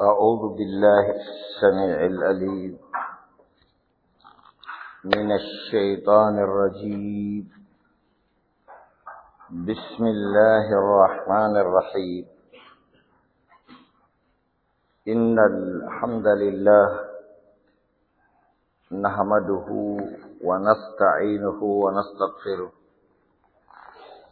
أعوذ بالله السميع الأليم من الشيطان الرجيم بسم الله الرحمن الرحيم إن الحمد لله نحمده ونستعينه ونستغفره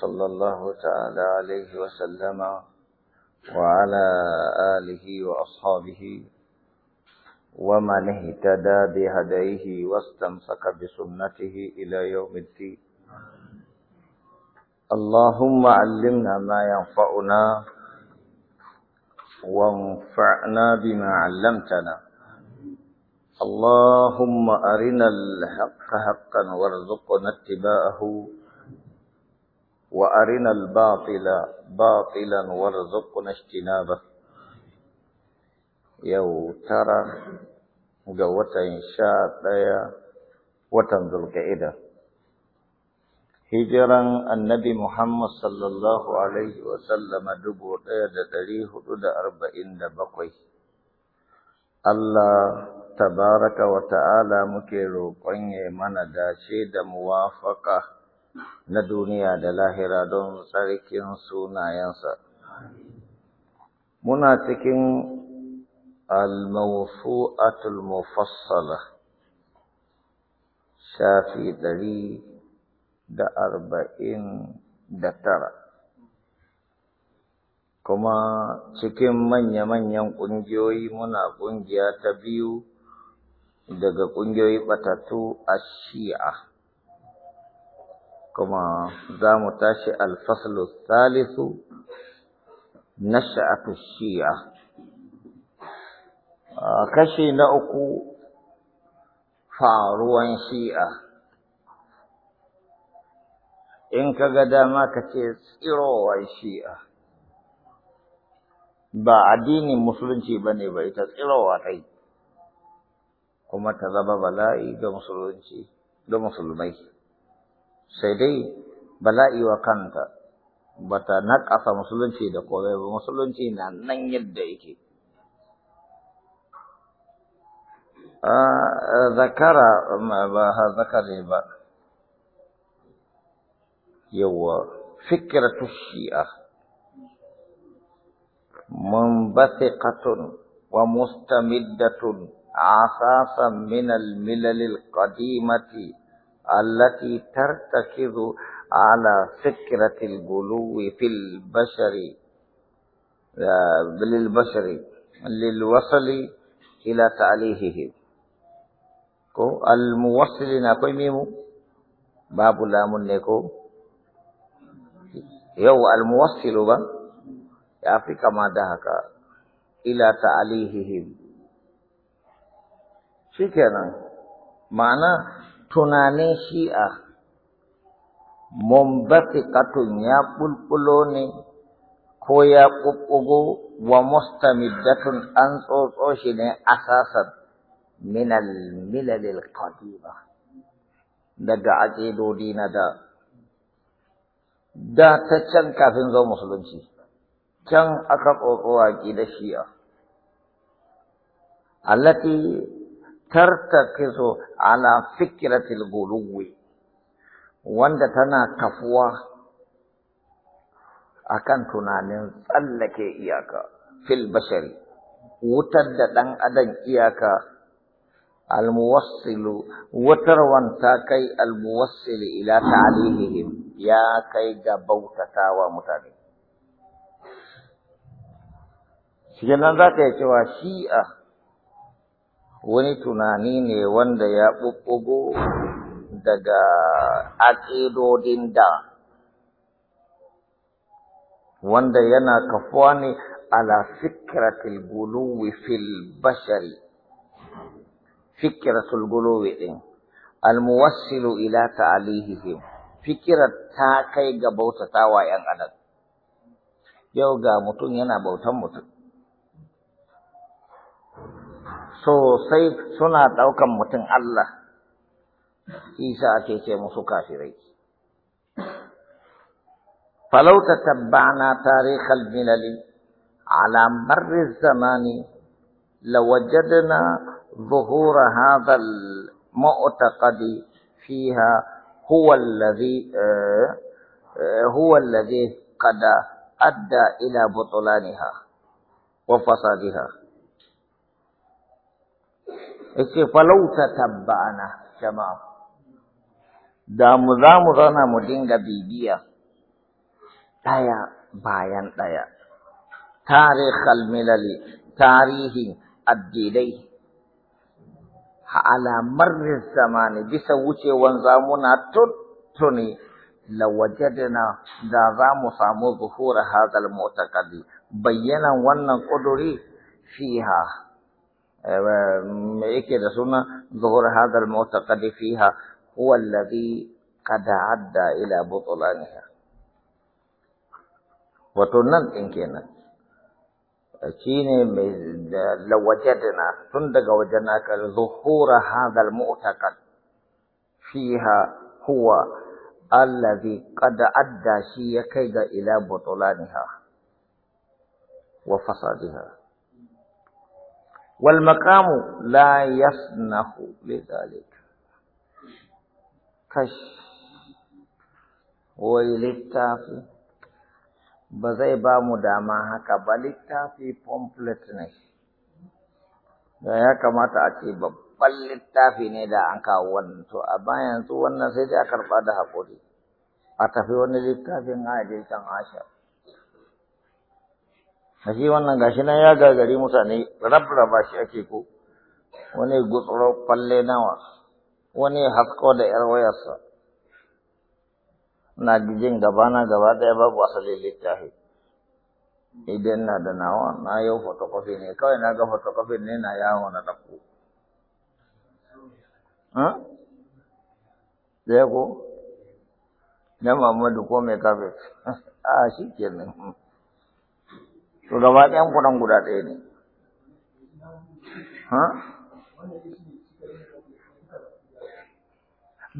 صلى الله تعالى عليه وسلم وعلى آله وأصحابه ومن اهتدى بهديه واستمسك بسنته إلى يوم الدين اللهم علمنا ما ينفعنا وانفعنا بما علمتنا اللهم أرنا الحق حقا وارزقنا اتباعه وأرنا الباطل باطلا وارزقنا اجتنابه يو ترى جوة إنشاء ليا وتنزل كإدا هجرا النبي محمد صلى الله عليه وسلم دبو قيادة تليه تد أربعين دبقي الله تبارك وتعالى مكيرو قنع من داشيد موافقه na duniya da lahira don tsarkin sunayensa. Muna cikin al a mufassala shafi ɗari da arba'in da tara. Kuma cikin manya-manyan ƙungiyoyi muna ƙungiya ta biyu daga ƙungiyoyi ɓatattu a shi'a. kuma za mu tashi alfaslu salisu nasha'atu shi'a kashi na uku faruwan shi'a in ka ga dama ka ce tsirowar shi'a ba addinin musulunci ba ne ba ita tsirowa ta kuma ta zama bala'i ga musulunci ga musulmai sai dai bala'i wa kanta bata naƙasa musulunci da komai ba musulunci na nan yadda yake zakara ba ha zakare ba yawa mun shi'a Katun, wa mustamiddatun asasan minal milalil minal milalil qadimati التي ترتكز على فكرة الغلو في البشر آه، للبشر للوصل إلى تعليهه الموصلين أكوي ميمو باب لامن منكو يو الموصل با فيك ما دهك إلى تعليهه شكرا معنى tunanin shi'a mumbafiqatun ya bulbulo ne ko ya ƙuƙƙugo wa mustamiddatun an tsotso shi ne asasan minal milalil qadima daga aƙidodi na da da ta can kafin zo musulunci can aka tsotso aƙidar shi'a allati tartakizu ala fikratil guluwi wanda tana kafuwa akan tunanin tsallake iyaka fil bashari wutar da ɗan adam iyaka almuwassilu wutar wanta kai almuwassili ila ta'alihihim ya kai ga bautatawa mutane shi nan za ka yi cewa shi'a wani tunani ne wanda ya ɓuɓɓugo daga aƙidodin da wanda yana kafuwa ne ala Fikiratul guluwi fil bashari fikiratul guluwi ɗin almuwassilu ila ta'alihihim fikirar ta kai ga bautatawa yan adam yau ga mutum yana bautan mutum sosai suna ɗaukan mutum Allah, isa ake ce musu kafirai. فلو تتبعنا تاريخ الملل على مر الزمان لوجدنا ظهور هذا المعتقد فيها هو الذي هو الذي قد أدى إلى بطلانها وفسادها yace falauta tabbana jama'a da mu za mu zauna mu dinga bibiya ɗaya bayan ɗaya tarihal milali tarihin addinai ala marrin zamani bisa wucewan zamuna tuttuni wajadna da za mu samu buhura hadal mu'taqadi bayyanan wannan ƙuduri fiha ایک آه، ہی رسونا ظہر حاضر المعتقد فيها هو الذي قد عدى الى بطلانها وتنن ان كانت چینے لو وجدنا تندگا وجدنا ظهور هذا المعتقد فيها هو الذي قد ادى شيئا الى بطلانها وفسادها wal maqamu la yasnahu lidhalik kash littafi ba zai ba mu dama haka ba littafi pamphlet ne da ya kamata a ce babban littafi ne da an kawo wannan to a bayan su wannan sai dai a karɓa da hakuri a tafi wani littafin a je ashar shi wannan gashi nan ya gagari mutane rabraba shi ake ko wani gutsuro falle nawa wani hasko da yar wayarsa na gaba gabana gaba ɗaya babu asalin littafi idan na da nawa na yau fotokofi ne kawai na ga fotokofi ne na yawo na ɗauko zai ko na mamadu ko mai kafet a ah, shi kenan to gaba ɗayan kuɗan guda ɗaya ne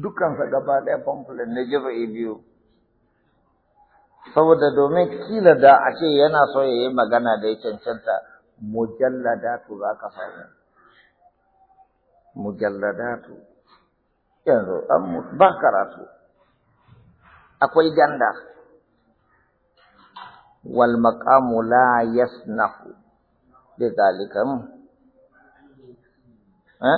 dukkan sa gaba ɗaya pamphlet ne jaza'i biyu saboda domin kila da a ce yana so ya yi magana da ya cancanta mujalladatu za ka samu mujalladatu yanzu ba karatu akwai ganda wal maqamu la yasnahu bi zalikam ha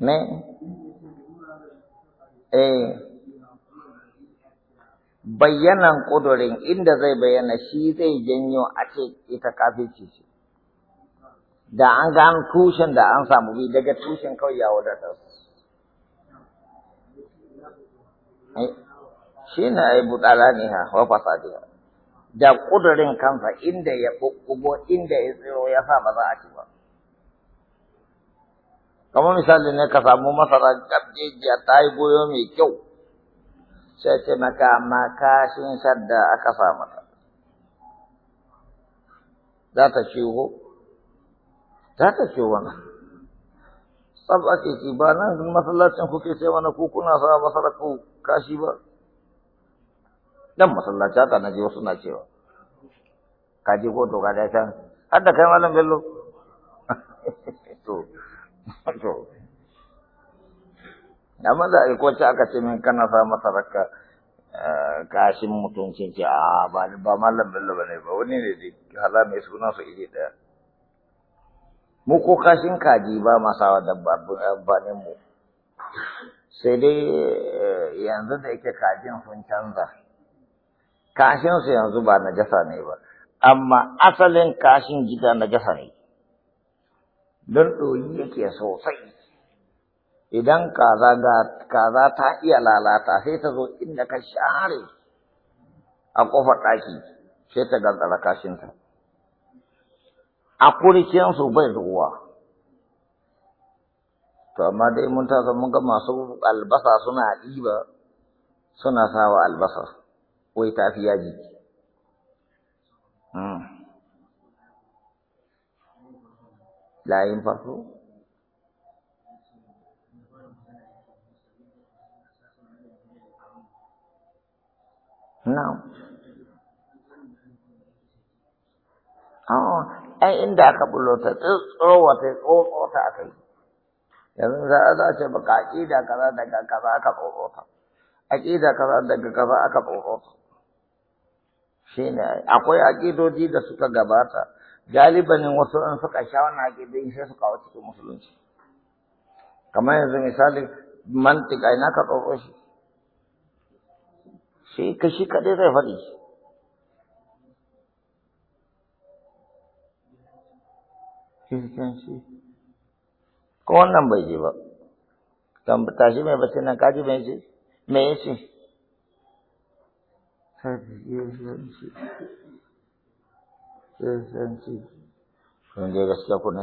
ne eh bayyanan ƙudurin inda zai bayyana shi zai janyo a ce ita kafirci ce da an ga tushen da an samu bi daga tushen kawai ya wadatar Eh, shi ne ya budala ne ha wa fasadiha da ƙudurin kansa inda ya ɓuɓɓugo inda ya tsiro ya sa ba za a ci ba kamar misali ne ka samu masara gabjejiya ta yi goyo mai kyau sai ce maka makashin shadda aka sa mata za ta ciwo za ta ciwo wani. tsaf ake ci ba nan masallacin kuke ce mana ku kuna sa masara ku kashi ba dan masallaci ta na ji wasu na cewa ka je ko to ka da can har da kai malam bello to to amma da ko kwace aka ce min kana sa masara ka eh, kashin mutuncin ce a ba malam bello bane ba wani ne da hala mai suna su iri daya mu ko kashin kaji ba masawa dabbanin eh, mu sai dai eh, yanzu da yake kajin sun canza kashin su yanzu ba na jasa ne ba amma asalin kashin gida na jasa ne don ɗoyi yake sosai idan kaza ta iya lalata sai ta zo inda ka share a ƙofar ɗaki sai ta gantsara kashinta a su bai zuwa. To, amma dai mun tasa mun ga masu albasa suna ɗiba suna sawa albasa, wai tafi yaji. Hmm. Layin farko? Na'am. Oh, ai inda aka bullo ta tsotsowa ta tsotsota aka yi yanzu za a za ce baka aƙida kaza daga kaza aka tsotsota aƙida kaza daga kaza aka ta shi ne akwai aƙidoji da suka gabata galibanin wasu in suka sha wannan aƙidoji sai suka wa cikin musulunci kamar yanzu misali mantika ina ka tsotso shi shi ka shi kaɗai zai faɗi kirkin wannan bai je ba dan tashi mai bacci kaji me je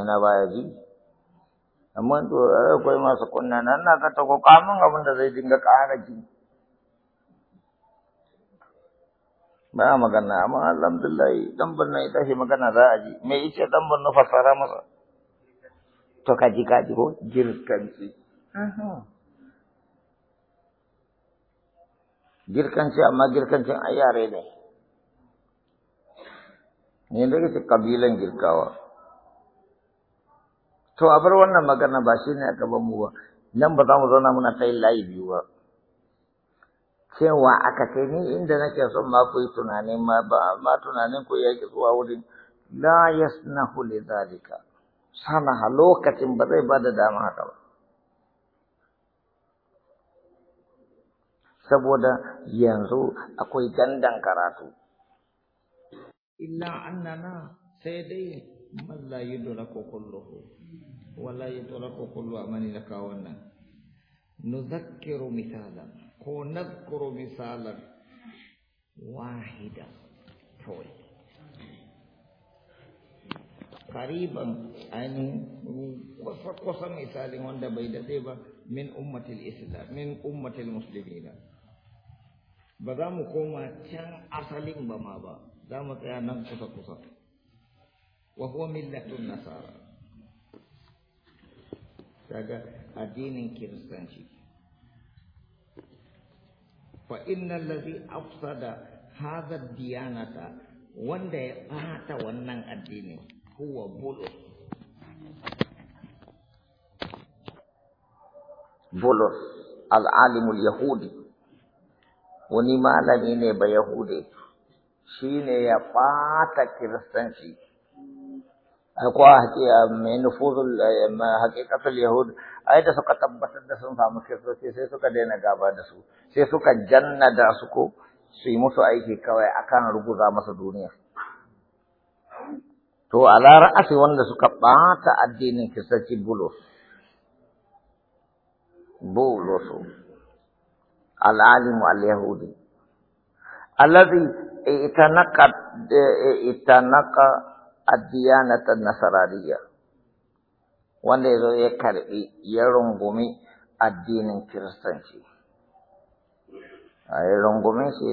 na baya ji akwai masu kunna ana zata ka abin da zai ba magana amma alhamdulillah dan banna ita shi magana za a ji me yace dan banna fasara masa to kaji kaji ko jirkanci ci amma ci a yare ne ne da ke kabilan girkawa to a wannan magana ba shi ne a gaban mu ba nan ba za mu zauna muna ta layi biyu ba cewa aka kai ni inda nake son ma ku yi tunanin ma ba ma tunanin ku yake zuwa wurin la yasnahu li zalika ha lokacin ba zai bada dama haka ba saboda yanzu akwai gandan karatu illa annana sai dai man la yudraku kulluhu wala yudraku kullu amani laka wannan nuzakkiru misalan ko nadkuru misalan wahida kawai kariban ainihin kusa-kusa misalin wanda bai daɗe ba min ummatil islam min ummatil muslimina ba za mu koma can asalin ba ma ba za mu tsaya nan kusa-kusa wa huwa millatun nasara daga addinin kiristanci فإن الذي أفسد هذا الديانة وندي آتا ونن الدين هو بلوغ بولوس العالم اليهودي ونما لم ينبى يهودي شيني يا فاتا كرستنشي ko a haƙiƙa mai nufuzul haƙiƙatar yahud ai da suka tabbatar da sun samu kiristoci sai suka daina gaba da su sai suka janna da su ko su yi musu aiki kawai akan ruguza masa duniya to a lara'asi wanda suka ɓata addinin kiristoci bulus bulusu al'alimu al-yahudi alladhi itanaka addiyanatan nasarariya wanda ya zo ya karbi ya rungumi addinin kiristanci ya rungume shi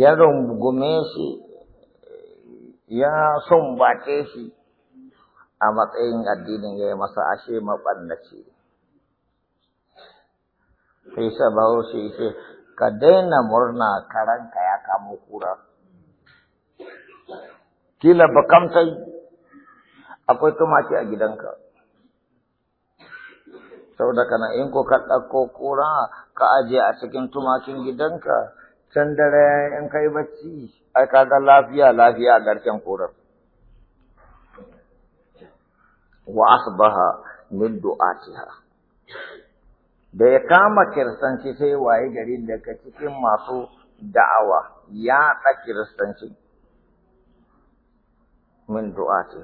ya rungume shi ya sumbace shi a matsayin addinin ya yi masa ashe maɓannaci sai sa bahaushe ka daina murna karanka ya kamo kura kila bakamtai akwai tumaki a gidanka saboda kana in ko ka ɗauko kura ka aje a cikin tumakin gidanka can dare in kai bacci ai ga lafiya lafiya a garken kurar wa asbaha min du'atiha da ya kama kiristanci sai waye gari daga cikin masu da'awa ya ta kiristanci min du'ati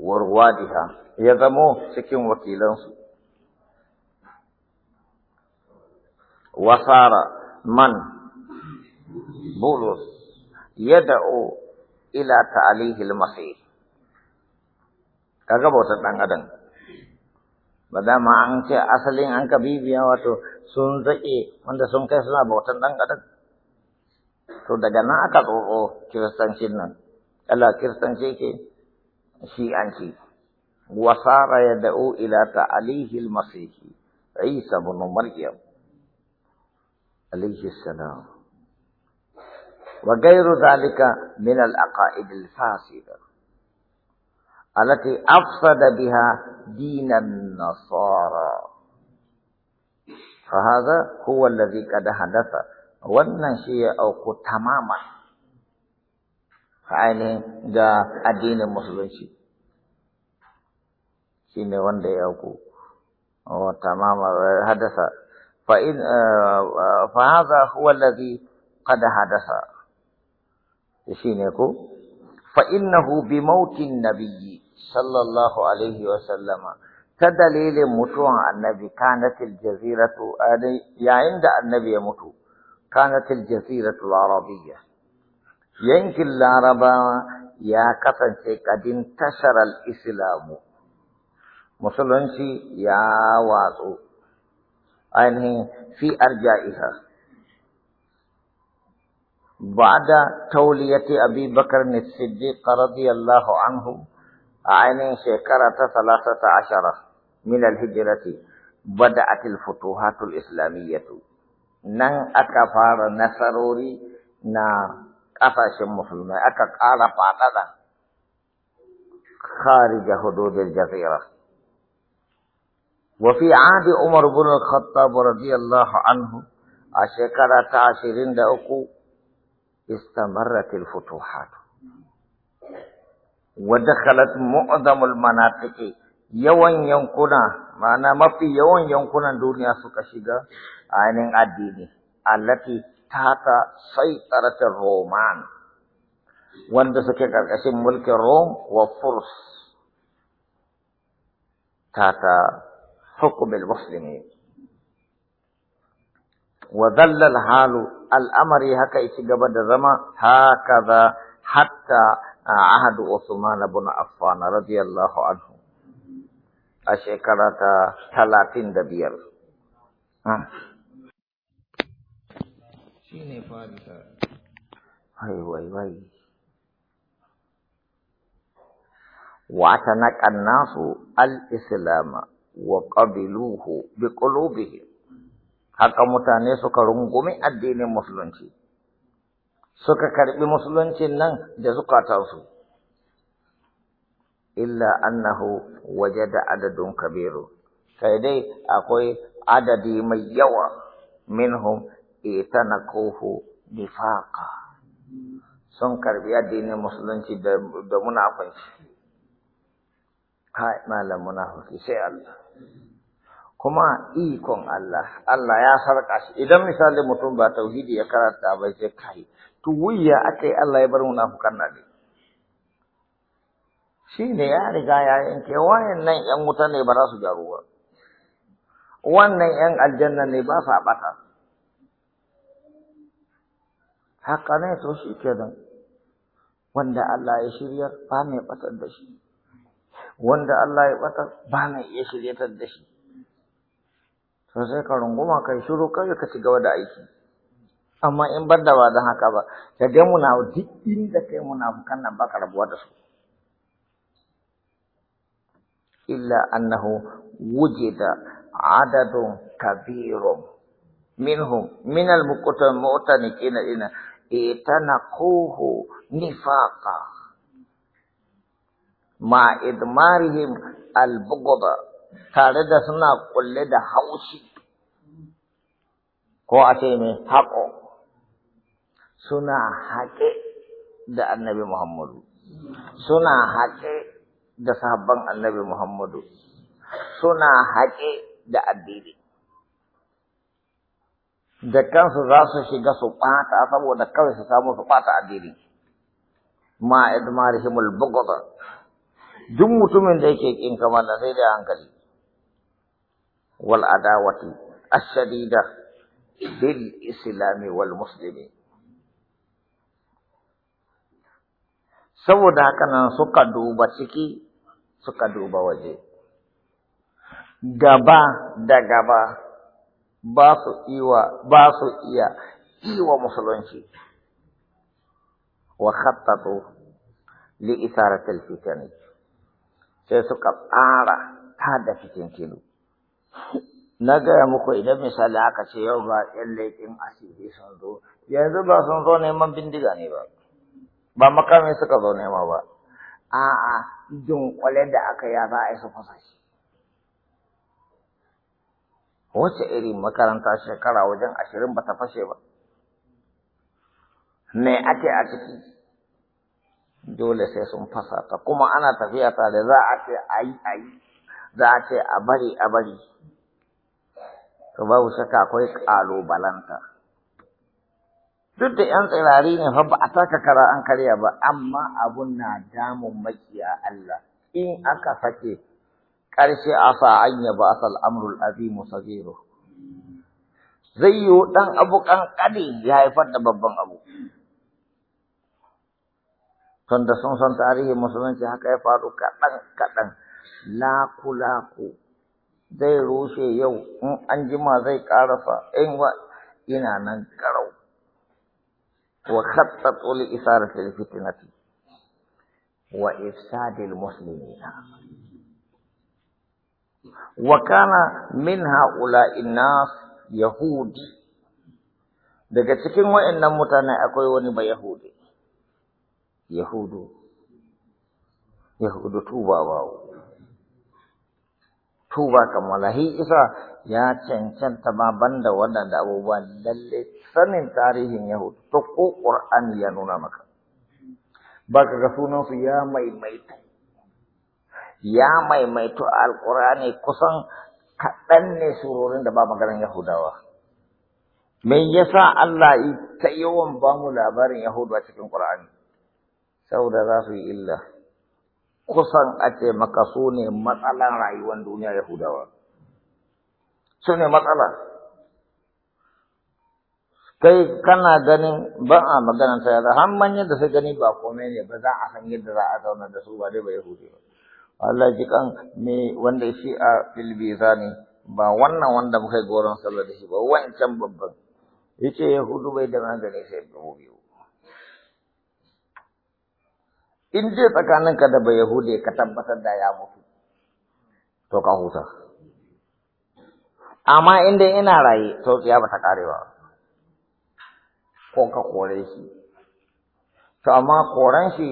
wa ruwadiha ya zamo cikin wakilansu wasara man bulus yada'u ila ta'alihi al-masih kaga bautar dan adam ba ma an ce asalin an ka bibiya wato sun zaƙe wanda sun kai suna bautar dan adam to daga nan aka tsotso kiristancin nan Allah kiristanci ke shi'anci wasara ya da'u ila ta'alihil masihi Isa ibn Maryam alayhi salam wa ghayru dhalika min al-aqaid al-fasida التي أفسد بها دين النصارى فهذا هو الذي قد حدث wannan shi ya auku tamama ainihin ga addinin musulunci shi ne wanda ya auku oh, tamama eh, hadasa fa'in eh, eh, fahaza huwa lazi kada hadasa shi ne ko fa'innahu bi mautin nabiyyi sallallahu alaihi wasallama ta dalilin mutuwan annabi kanatil jaziratu yayin da annabi ya mutu كانت الجزيرة العربية يمكن العرب يا كسن قد انتشر الإسلام مسلمشي يا واسو يعني في أرجائها بعد تولية أبي بكر الصديق رضي الله عنه يعني شكرة ثلاثة عشر من الهجرة بدأت الفتوحات الإسلامية nan aka fara nasarori na ƙasashen musulmai aka ƙara faɗaɗa kharija hududil jazira wa fi adi umar bin al-khattab radiyallahu anhu a shekara ta ashirin da uku istamarrat al-futuhat wa dakhalat mu'zamul manatiqi yawan yankuna ma'ana mafi yawan yankunan duniya suka shiga ainin addini allati tata saitaratin roman wanda suke karkashin mulkin rom wa furs tata hukumin musulmi wa zallal halu al'amari haka ci gaba da zama haka hatta ahadu Usman ibn Affan radiyallahu anhu a shekara ta talatin da biyar. Shi ne fadisa. Wata na nasu al-Islama wa ƙabiluhu bi ƙulubihi. Haka mutane suka rungumi addinin Musulunci. Suka karɓi musulunci nan da zukatansu. illa annahu wajada adadun kabiru sai dai akwai adadi mai yawa minhum itanakuhu nifaqa sun karbi addinin musulunci da munafanci kai malam munafiki sai Allah kuma ikon Allah Allah ya sarka shi idan misali mutum ba tauhidi ya karanta ba sai kai to wuya akai Allah ya bar munafukan nan shi ne ya riga ya yanke nan yan wuta ne ba za su gyaru ba wannan yan aljanna ne ba su haɓata. haka ne to shi ke nan, wanda Allah ya shirya ba mai batar da shi wanda Allah ya batar ba mai iya shiryatar da shi to sai ka runguma kai shiru kai ka ci gaba da aiki amma in bar da ba don haka ba ka ga muna duk inda kai muna bukan nan ka rabuwa da su إلا أنه وجد عدد كبير منهم من المقطع الموتى المقتنقين إن اتنقوه نفاقا مع إدمارهم البغض تارد سنة كل هوشي كواتيني حقو سنة حكي ده النبي محمد سنة حكي da sahabban annabi Muhammadu suna haƙe da addini. Da kansu za su shiga su ɓata saboda kawai su samu su ɓata addini. Ma idmarihimul bugudha. Duk mutumin da yake ƙin kamar da sai da hankali. Wal adawati ashadida bil islami wal musulmi. Saboda haka nan suka duba ciki suka duba waje. Gaba da gaba ba su iya iwa musulunci wa khattatu li isaratil fitani sai suka tsara ta da fitintinu na gaya muku idan misali aka ce yau ba yan laifin asiri sun zo yanzu ba sun zo neman bindiga ne ba ba makami suka zo nema ba a'a dunƙulen da aka ya za a yi su fasa shi wace irin makaranta shekara wajen ashirin ba ta fashe ba me ake a ciki dole sai sun fasa ta kuma ana tafiya ta da za a ce a yi a yi za a ce a bari a bari to babu shakka akwai ƙalubalanta duk da yan tsirari ne fa ba a taka kara an karya ba amma abun na damun makiya Allah in aka sake ƙarshe a sa an ba asal amrul azimu sagiru zai yi ɗan abu ƙanƙani ya haifar da babban abu. Tunda sun san tarihin musulunci haka ya faru kaɗan-kaɗan laku-laku zai rushe yau in an jima zai ƙarasa in wa ina nan وخططوا لإثارة الفتنة وإفساد المسلمين وكان من هؤلاء الناس يهود daga cikin wa'annan mutane akwai wani ba Yahudi, Yahudu, Yahudu tuba bawo. tuba kammala shi isa ya cancanta ma banda waɗanda abubuwa lalle sanin tarihin yahudu ta ko ƙur'ani ya nuna maka ba ka ga sunansu ya maimaitu ya maimaitu a alƙur'ani kusan kaɗan ne surorin da ba maganar yahudawa me yasa Allah ta yawan ba mu labarin yahudu a cikin ƙur'ani saboda za su yi illa kusan a maka su ne matsalan rayuwar duniya Yahudawa. Su ne matsala. Kai kana ganin ba a maganar ta yadda har manyan da sai gani ba kome ne ba za a san yadda za a zauna da su ba dai ba Yahudi ba. Allah ji kan me wanda shi a za ne ba wannan wanda muka yi goron sallar da shi ba wancan babban. Yace Yahudu bai da magani sai biyu. in tsakanin tsakaninka da bai yahude ka tabbatar da ya mutu to ka huta amma in dai ina raye to tsiya ba ta karewa ko ka kore shi to amma koran shi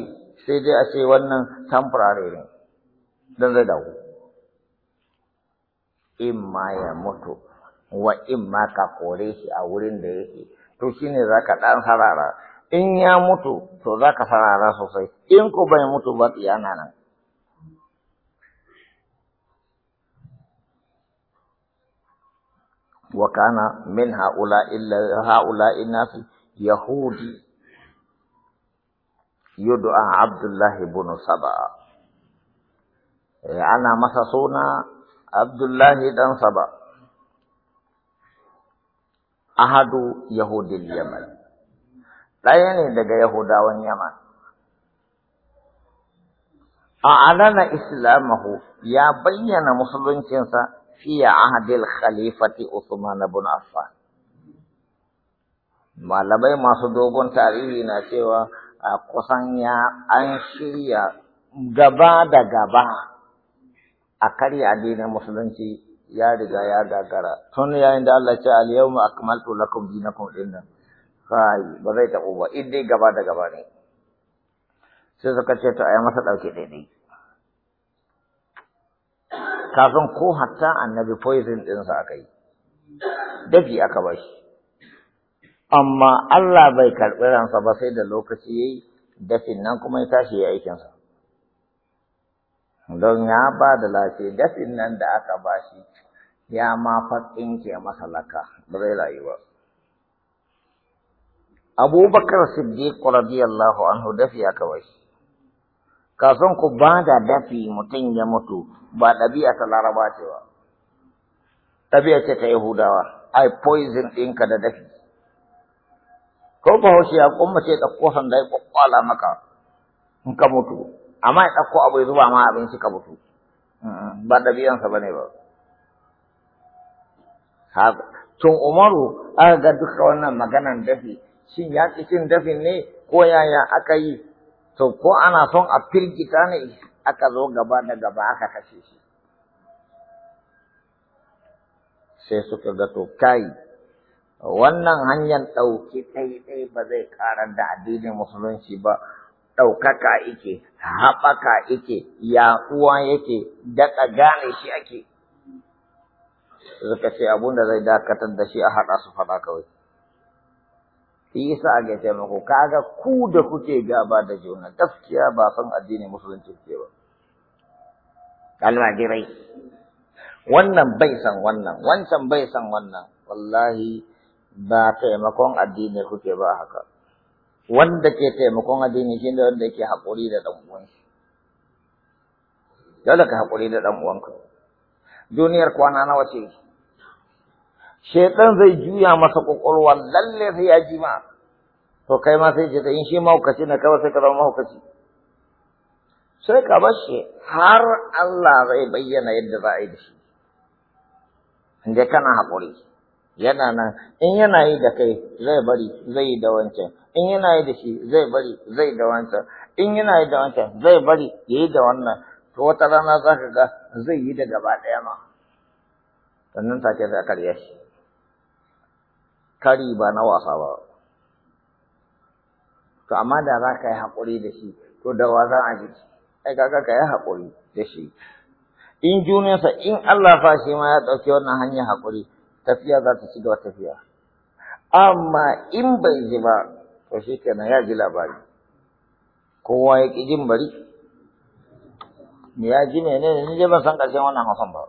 sai dai a ce wannan temporary ne dan zai dawo in ma ya mutu wa in ma ka kore shi a wurin da yake to shine zaka dan harara in ya mutu to za ka sarara sosai in ko bai mutu ba tsiyana nan wa kana min haula illa haula inasi yahudi yud'a abdullah ibn saba ana masa suna abdullah dan saba ahadu yahudil yaman ɗaya ne daga Yahudawan Yaman. A alana Islamahu ya bayyana musuluncinsa fiye ahadil khalifati Usman bin Affan. Malamai masu dogon tarihi na cewa a kusan ya an shirya gaba da gaba a karya addinin musulunci ya riga ya gagara tun yayin da Allah ce al yawma akmaltu lakum dinakum nan.' kai ba zai taɓo ba in dai gaba da gaba ne sai suka ce to a yi masa ɗauke daidai kafin ko hatta annabi poison ɗinsa aka yi dafi aka ba shi amma Allah bai karɓi ransa ba sai da lokaci ya yi dafin nan kuma ya tashi ya aikinsa don ya ba da lafiya dafin nan da aka ba shi ya ma faɗinke masalaka ba zai rayu ba abubakar siddiq radiyallahu anhu dafi aka bashi san ku ba da dafi mutum ya mutu ba ɗabi'a ta laraba ce ba ɗabi'a ce ta yahudawa ai poison ɗinka da dafi ko bahaushe ya kuma ce ɗauko sanda ya kwakwala maka in ka mutu amma ya ɗauko abu ya zuba ma abinci ka mutu ba ɗabi'ansa ba ne ba tun umaru aka ga duka wannan maganan dafi shin ya ƙi cin dafin ne ko yaya aka yi to ko ana son a firgita ne aka zo gaba da gaba aka kashe shi sai suka ga to kai wannan hanyar ɗauki ɗaiɗai ba zai ƙara da addinin musulunci ba ɗaukaka ike haɓaka ike yaƙuwa yake daɗa gane shi ake suka ce abun da zai dakatar da shi a haɗa su faɗa kawai shi yasa ake taimako, muku kaga ku da kuke gaba da juna gaskiya ba san addini musulunci ke ba almajirai wannan bai san wannan wancan bai san wannan wallahi ba taimakon addini kuke ba haka wanda ke taimakon addini shi ne wanda yake haƙuri da ɗan uwansa dole ka haƙuri da ɗan uwanka duniyar kwana nawa ce shaitan zai juya masa kwakwalwa lalle sai ya ji ma to kai ma sai da in shi mahaukaci na kawai sai ka zama mahaukaci sai ka bar shi har Allah zai bayyana yadda za a yi da shi inda kana haƙuri yana nan in yana yi da kai zai bari zai yi da wancan in yana yi da shi zai bari zai da wancan in yana yi da wancan zai bari ya yi da wannan to wata rana za ka ga zai yi da gaba ɗaya ma sannan take za a karya shi kari ba na wasa ba to amma da za ka yi haƙuri da shi to da wa za a ji ai kaga ka yi haƙuri da shi in junansa in Allah fa shi ma ya ɗauki wannan hanyar haƙuri tafiya za ta ci gaba tafiya amma in bai ji ba to shi kenan ya ji labari kowa ya ƙi jin bari ya ji menene ni dai ban san ƙarshen wannan hausan ba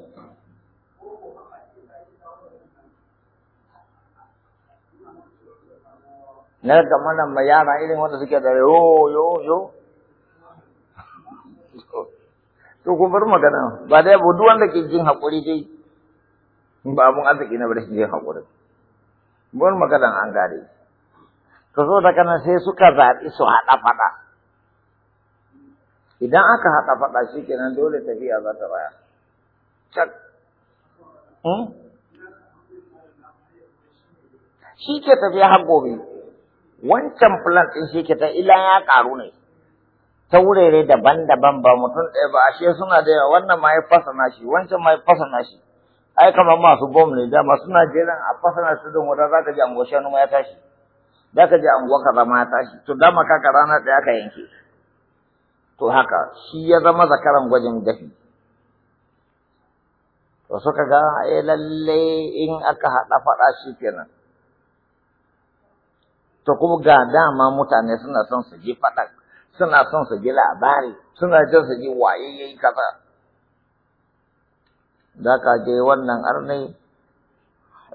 na kamar nan ma yara irin wanda suke da yo yo yo to ku bar magana ba dai bu duk wanda ke jin hakuri dai ba mun arziki na bar shi jin hakuri bar magana an gare to so da kana sai suka zaɓi su haɗa hmm? faɗa idan aka haɗa faɗa shikenan dole tafiya za ta baya cak shi ke tafiya har gobe wancan plan ɗin shi ke ta ila ya ƙaru ne ta wurare daban-daban ba mutum ɗaya ba ashe suna da yawa wannan ma ya fasana shi wancan ma ya fasana shi ai kamar masu bom ne dama suna jiran a fasana su don wata za ka ji anguwa wani ma ya tashi za ka ji anguwa kaza ma ya tashi to dama kaka rana ɗaya ka yanke to haka shi ya zama zakaran gwajin dafi to suka ga eh lalle in aka haɗa faɗa shi kenan to kuma ga dama mutane suna son su ji faɗan suna son su ji labari suna jin su ji yayi kaza da ka je wannan arnai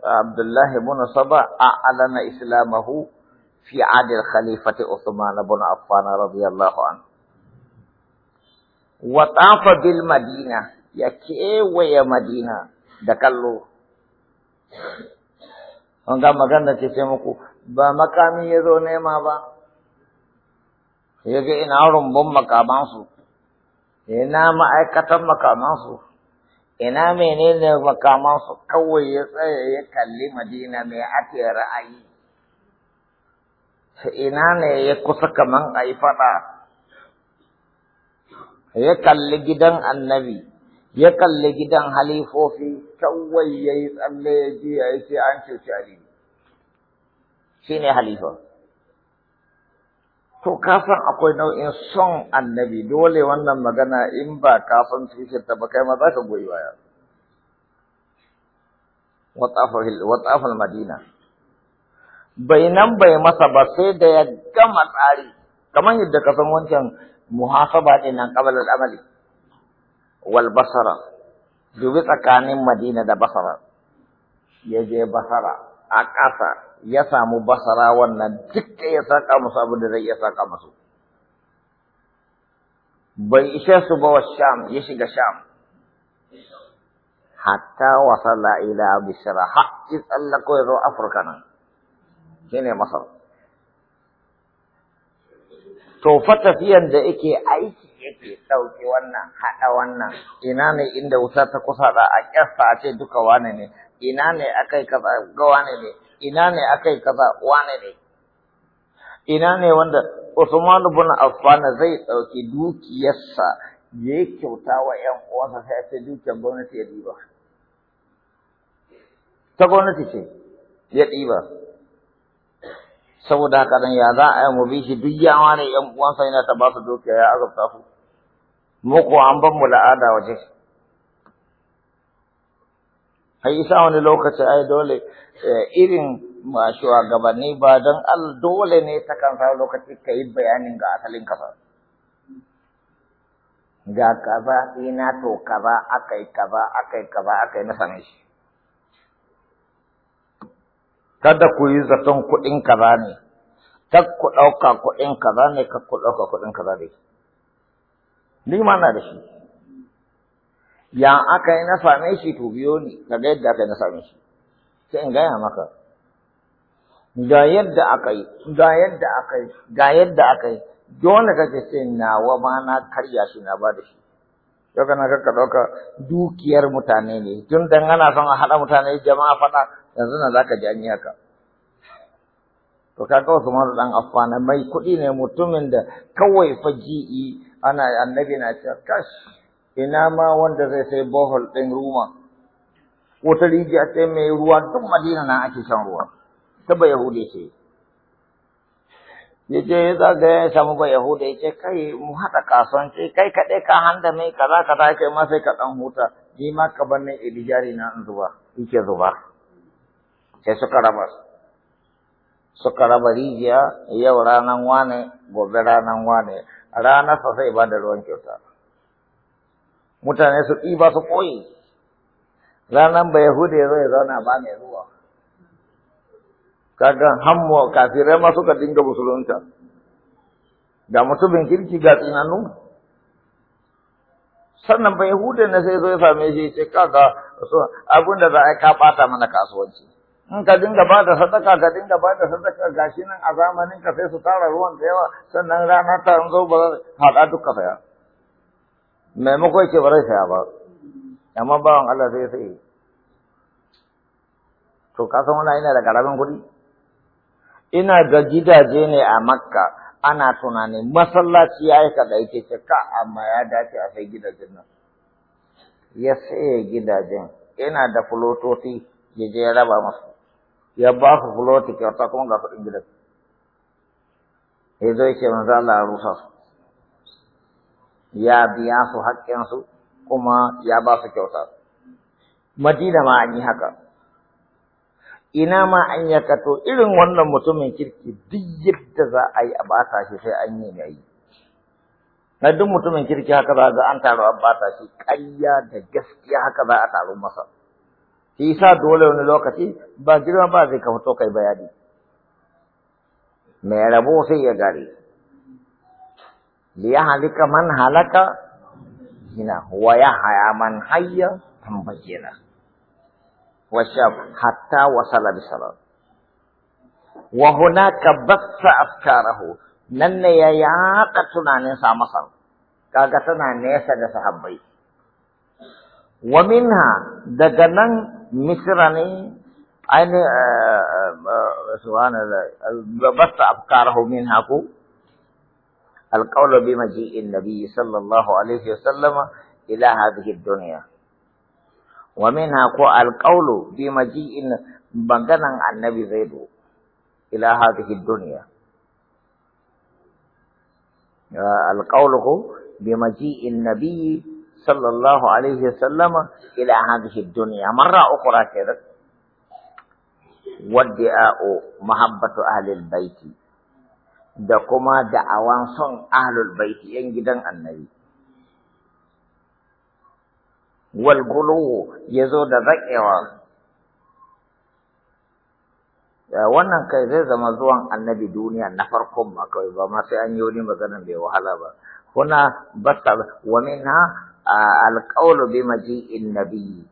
Abdullahi bin Saba a alana islamahu fi adil khalifati Uthman bin Affan radiyallahu anhu wa tafa bil madina ya kewaye madina da kallo an ga magana ce sai muku ba makami ya zo nema ba ya ga ina rumbun makamansu ina ma'aikatan makamansu ina menene makamansu kawai ya tsaya ya kalli madina mai ake ra'ayi ina ne ya kusa kaman a yi faɗa ya kalli gidan annabi ya kalli gidan halifofi kawai ya yi tsalle ya ji ya yi sai an ce shari'a. Shi ne halifa to kafin akwai nau'in son annabi dole wannan magana in ba kafin tushen ta ba kai ma za ka goyi baya watsafar madina bai bai masa ba sai da ya gama tsari kamar yadda ka san wancan muhasaba ne nan kabal al’amali. amali wal basara dubi tsakanin madina da basara ya je basara a ƙasa ya samu basara wannan dukkan ya saka musu abin da zai iya saka musu bai ishe su ba wa sham ya shiga sham hatta wasala ila bisra har haƙƙi tsallako ya zo afirka nan shine masar to da yake aiki yake ɗauke wannan haɗa wannan ina ne inda wuta ta kusa da a ƙyasta a ce duka wane ne ina ne akai ka ga wane ne ina ne aka yi kaza wane ne ina ne wanda Usman ibn Affan zai dauki dukiyarsa ya kyauta wa ‘yan uwansa sai sai dukiyar gwamnati ya diba Ta gwamnati ce ya ɗiba. Saboda haka nan ya za a yi mu bi shi duk yawa ne ‘yan uwansa yana ta ba su dukiya ya azabta su. Muku an ban mu la'ada waje. Sai isa wani lokaci ai dole eh, irin shugabanni ba don al dole ne ta kan sa lokaci ka yi bayanin ga asalin kafa? Ga kaza ina to kaza akai kaza akai kaza akai na same shi. Kada ku yi zaton kuɗin kaza ne, kar ku ɗauka kuɗin kaza ne, kar ku ɗauka kuɗin kaza ne. Ni ma na da shi. ya aka yi na same shi to biyo ni ka ga yadda aka yi na same shi sai in gaya maka ga yadda aka yi ga yadda aka yi ga yadda aka yi dole kake ce nawa ma na karya shi na ba da shi yau kana ka ɗauka dukiyar mutane ne tun dan ana son a haɗa mutane jama'a faɗa yanzu na zaka ji an yi haka to su mara ɗan afana mai kuɗi ne mutumin da kawai fa ji'i e ana annabi na cewa kashi ina ma wanda zai sai bohol ɗin ruma wata rijiya ce mai ruwa duk madina na ake shan ruwa ta ba yahudi ce ya je ya zagaya ya samu ba yahuda ya ce kai mu haɗa kasuwanci kai kaɗai ka handa mai kaza kaza kai ma sai ka ɗan huta ni ma ka bar nan jari na in zuba yake zuba sai suka raba suka raba rijiya yau ranar wane gobe ranar wane ranar sa sai ba da ruwan kyauta mutane su ɗiba su koyi ranar ba yahudu ya zo ya zauna ba mai ruwa kaga hammu kafirai ma suka dinga musulunta ga mutumin kirki ga tsinanu sannan ba yahudu ne sai zo ya same shi ce kaga abin da za a ka ɓata mana kasuwanci in ka dinga ba da sadaka ka dinga ba da sadaka shi nan a zamanin ka sai su tara ruwan da yawa sannan rana ta zo ba haɗa duka saya maimakon ce ba zai saya ba amma bawan Allah sai sai to ka san wani ina da ƙaramin kuɗi ina ga gidaje ne a makka ana tunanin masallaci ya yi kaɗa yake ce ka amma ya dace a sai gidajen nan ya saye gidajen Ina da fulototi ya je ya raba masu ya ba su fuloti kyauta kuma ga kuɗin gidajen. ya zo yake manzo Allah ya rusa su ya biya su su kuma ya ba su kyauta. Madina ma an yi haka. Ina ma an yakato irin wannan mutumin kirki duk yadda za a yi a bata shi sai an yi yayi. Na duk mutumin kirki haka za ga an taru a bata shi kayya da gaskiya haka za a taru masa. Shi sa dole wani lokaci ba girma ba zai ka fito kai bayani. Mai rabo sai ya gare. liyahlika man halaka hina wa yahya man hayya tambayina wa hatta wasala bi wa hunaka bassa afkarahu nan ne ya yaka tunanin sa masa kaga tana nesa da sahabbai wa minha daga nan misra ne aini subhanallah basta afkarahu minha ku القول بمجيء النبي صلى الله عليه وسلم إلى هذه الدنيا ومنها القول بمجيء مغنى النبي زيد إلى هذه الدنيا القول بمجيء النبي صلى الله عليه وسلم إلى هذه الدنيا مرة أخرى كذا والدعاء محبة أهل البيت da kuma da'awan son ahlul baiti yan gidan annabi wal ya zo da zaƙewa wannan kai zai zama zuwan annabi duniya na farkon ma kawai ba ma sai an yi wani maganar bai wahala ba kuna basar wa minha alqawlu bi maji'in nabiyyi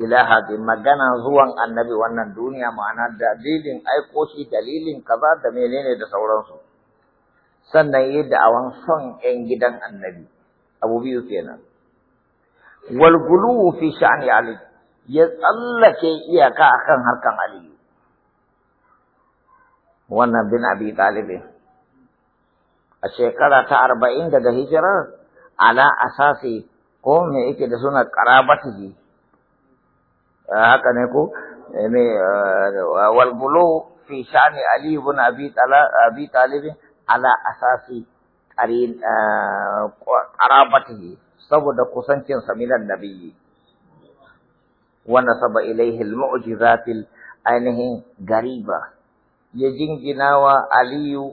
ilaha bi magana zuwan annabi wannan duniya ma'ana dalilin aiko shi dalilin kaza da menene da sauransu sannan yi da'awan son ‘yan gidan annabi, abu biyu kenan. Walgulu fi sha'ani Ali, ya tsallake iyaka a kan harkan Aliyu. Wannan bin abi ɗalibin. A shekara ta arba'in daga hijirar, ala asasi ko me yake da suna ji eh, Haka ne ko? Eh, eh, Walgulu fi sha'ani Ali bin abi ɗalibin. على أساس آه، قرابته سود قسنكين من النبي ونسب إليه المعجزات أنه غريبة يجين جناوة علي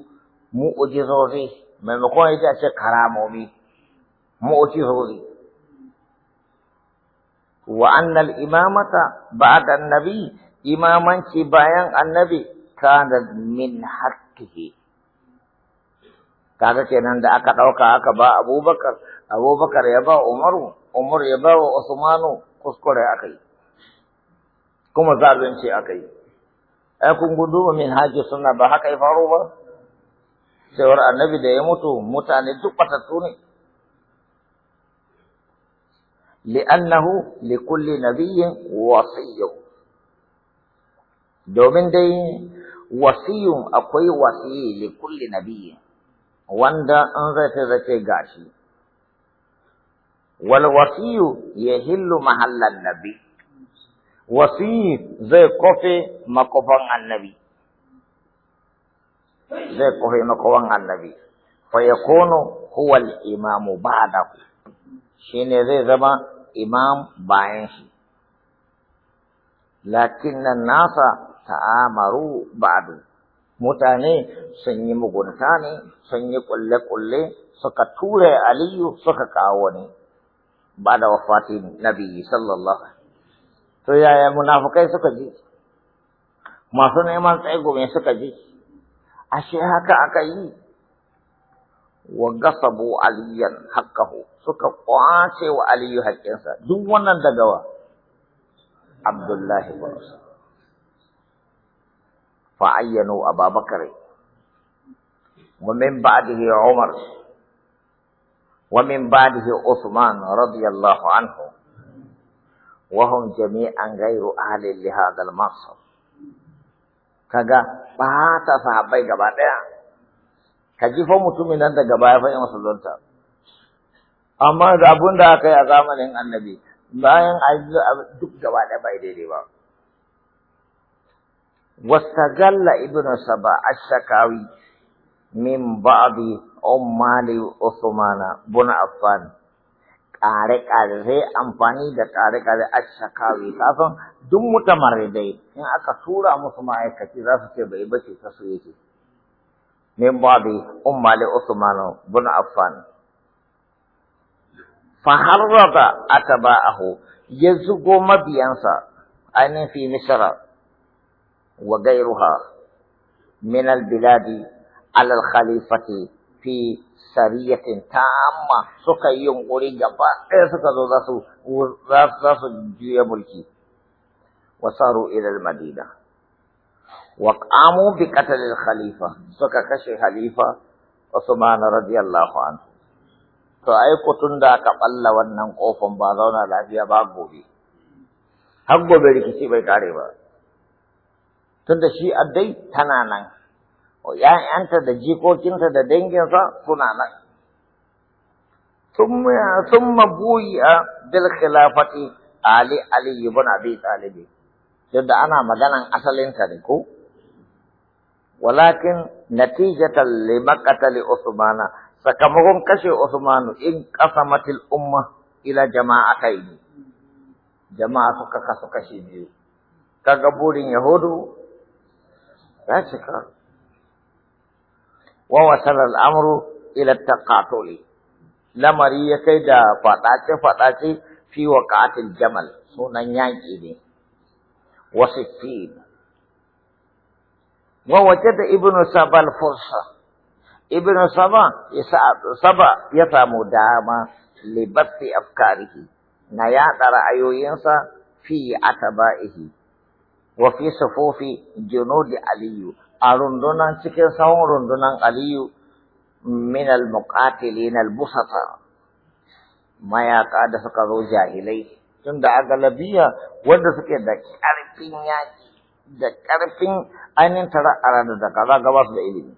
مؤجزوزي من مقوم يجعش كرامومي مؤجزوزي وأن الإمامة بعد النبي إمامان شبايا النبي كانت من حقه kaga kenan da aka ɗauka aka ba abubakar abubakar ya ba umaru umar ya ba wa usmanu kuskure aka yi kuma zalunci aka yi ai kun gudu min haji suna ba haka ya faru ba cewar annabi da ya mutu mutane duk batattu ne li'annahu li kulli nabiyyin wasiyyu domin dai wasiyun akwai wasiyi li kulli nabiyyin wanda an zai ta zace gashi wal wasiyu ya hillu mahallan nabi Wasiyu zai kofe makofan annabi zai kofe makofan annabi fa yakunu ba da imamu shi ne zai zama imam bayan shi nan nasa ta'amaru ba'du mutane sun yi mugunta ne sun yi kulle-kulle suka ture aliyu suka kawo ne ba da wafati nabi sallallahu to yaya munafukai suka ji masu neman tsaigume suka ji ashe haka aka yi wa gasabu aliyan haqqahu suka kwace wa aliyu haƙƙinsa duk wannan dagawa abdullahi bin فعينوا أبا بكر ومن بعده عمر ومن بعده عثمان رضي الله عنه وهم جميعا غير أهل لهذا المنصب kaga ɓata sahabbai gaba ɗaya ka ji fa mutumin nan daga gaba ya fa musulunta amma da abun da aka yi a zamanin annabi bayan duk gaba ɗaya bai daidai ba واستغل ابن سبا الشكاوي من بعض عمال عثمان بن عفان kare kare sai amfani da kare kare a shakawi kafin duk dai, in aka tura musu ma'aikaci za su ce bai bace ta su yake min babi ummali usman bin affan faharraba atba'ahu ya zugo mabiyansa ainihin fi misra وغيرها من البلاد على الخليفة في سرية تامة سكا ينقري جبا إيه سكا ذو ذاسو جوية ملكي وصاروا إلى المدينة وقاموا بقتل الخليفة سكا كشي خليفة عثمان رضي الله عنه to ai kutun da aka balla wannan kofan ba zauna lafiya ba gobe har gobe rikici bai tunda shi addai tana nan ‘ya'yanta da jikokinta da danginsa suna nan sun mabuyi a bil khilafati ali ali ibn abi talibi Tunda ana maganan asalinta ne ko walakin natijatan li usmana sakamakon kashe usmanu in qasamatil umma ila jama'ataini jama'a suka kasu kashi biyu kaga burin yahudu ya cika wa wasala Amru ila taqatuli lamari ya kai da fadace fadace fi waqatil jamal sunan yaki ne wa sittin wa wajada ibnu sabal fursa ibnu saba saba ya samu dama libatti afkarihi na yaɗa ra'ayoyinsa fi ataba'ihi wa fi sufufi junudi aliyu a rundunan cikin sawon rundunan aliyu Minal al-muqatilin al-busata mayaka da suka zo jahilai tunda a galabiya wanda suke da karfin yaki da karfin ainihin tara a ranar da kaza gaba su da ilimi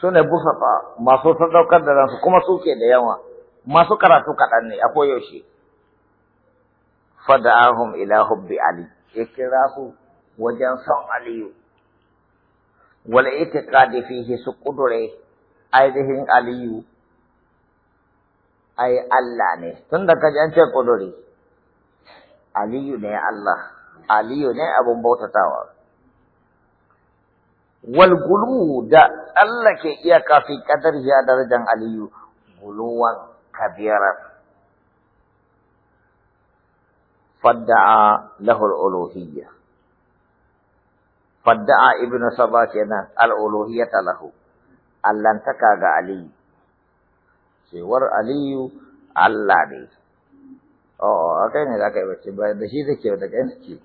su ne busata masu sadaukar da ransu kuma suke da yawa masu karatu kaɗan ne a koyaushe fada'ahum ila hubbi ali ya kira wajen son aliyu wal itiqadi fihi su kudure ainihin aliyu ai Allah ne tun da kaji an ce kudure aliyu ne Allah aliyu ne abun bautatawa wal gulu da Allah ke iya kafi kadar ya darajan aliyu guluwan kabirar فادعى له الألوهية فادعى ابن سبا كنا الألوهية له ألا انتكى علي سيور علي الله دي أو أكين ذاك بس بشيء ذكي وذاك نسكي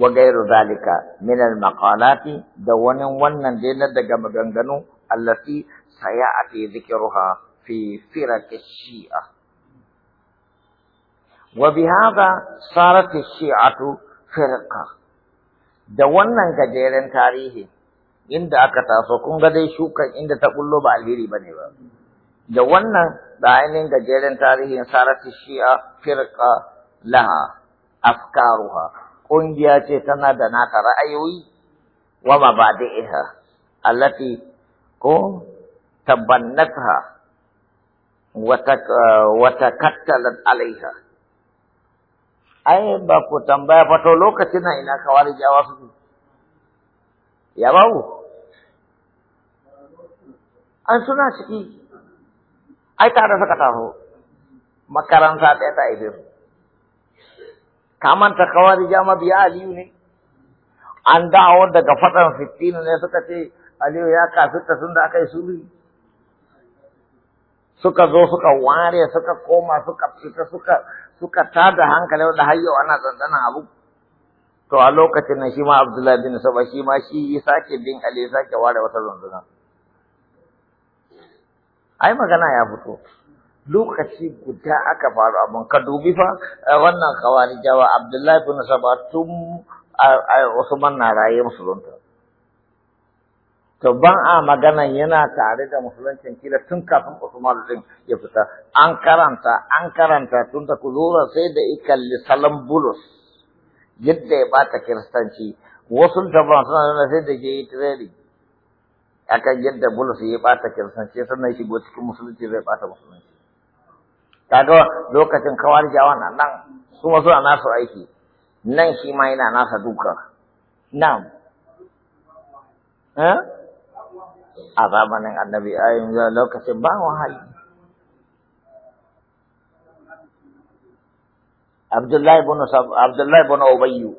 وغير ذلك من المقالات دون ونن دينا دقا مغنغنو التي سيأتي ذكرها في فرق الشيئة وبهذا صارت الشيعة فرقة da wannan gajeren tarihi inda aka taso kun ga dai shukan inda ta kullo ba alheri bane ba da wannan da ainihin gajeren tarihin sarati shi'a firqa laha afkaruha kungiya ce tana da nata ra'ayoyi wa mabadi'iha allati ko tabannatha wata takattalat alaiha ai ba ku tambaya fa to lokacin nan ina kawari jawa su ya babu an suna ciki ai tare suka taho makaranta ɗaya ta ibe kaman ta kawari jama biya aliyu ne an dawo daga fadan fitinu ne suka ce aliyu ya kafirta sun da aka yi sulhu suka zo suka ware suka koma suka fita suka suka tada hankali da har yau ana tsantsanin abu to a lokacin nan shi ma Abdullahi bin Saba shi ma shi sake bin Ali sake ware wata runduna ai magana ya fito lokaci guda aka faru abun ka dubi fa eh, wannan kawari jawa Abdullahi bin Saba tun eh, eh, Usman na raye musulunta to ban a magana yana tare da musuluncin kila tun kafin Usman din ya fita an karanta an karanta tun da kuzura sai da ikalli salam bulus yadda ya bata kiristanci wasu taban suna nuna sai da ke yi akan yadda bulus ya bata kiristanci sannan shigo cikin musulunci zai bata musulunci kaga lokacin kawar jawa na nan su wasu a nasu aiki nan shi ma yana nasa duka na'am eh a zamanin annabi a yanzu lokacin ba wahayi Abdullahi ibn obayu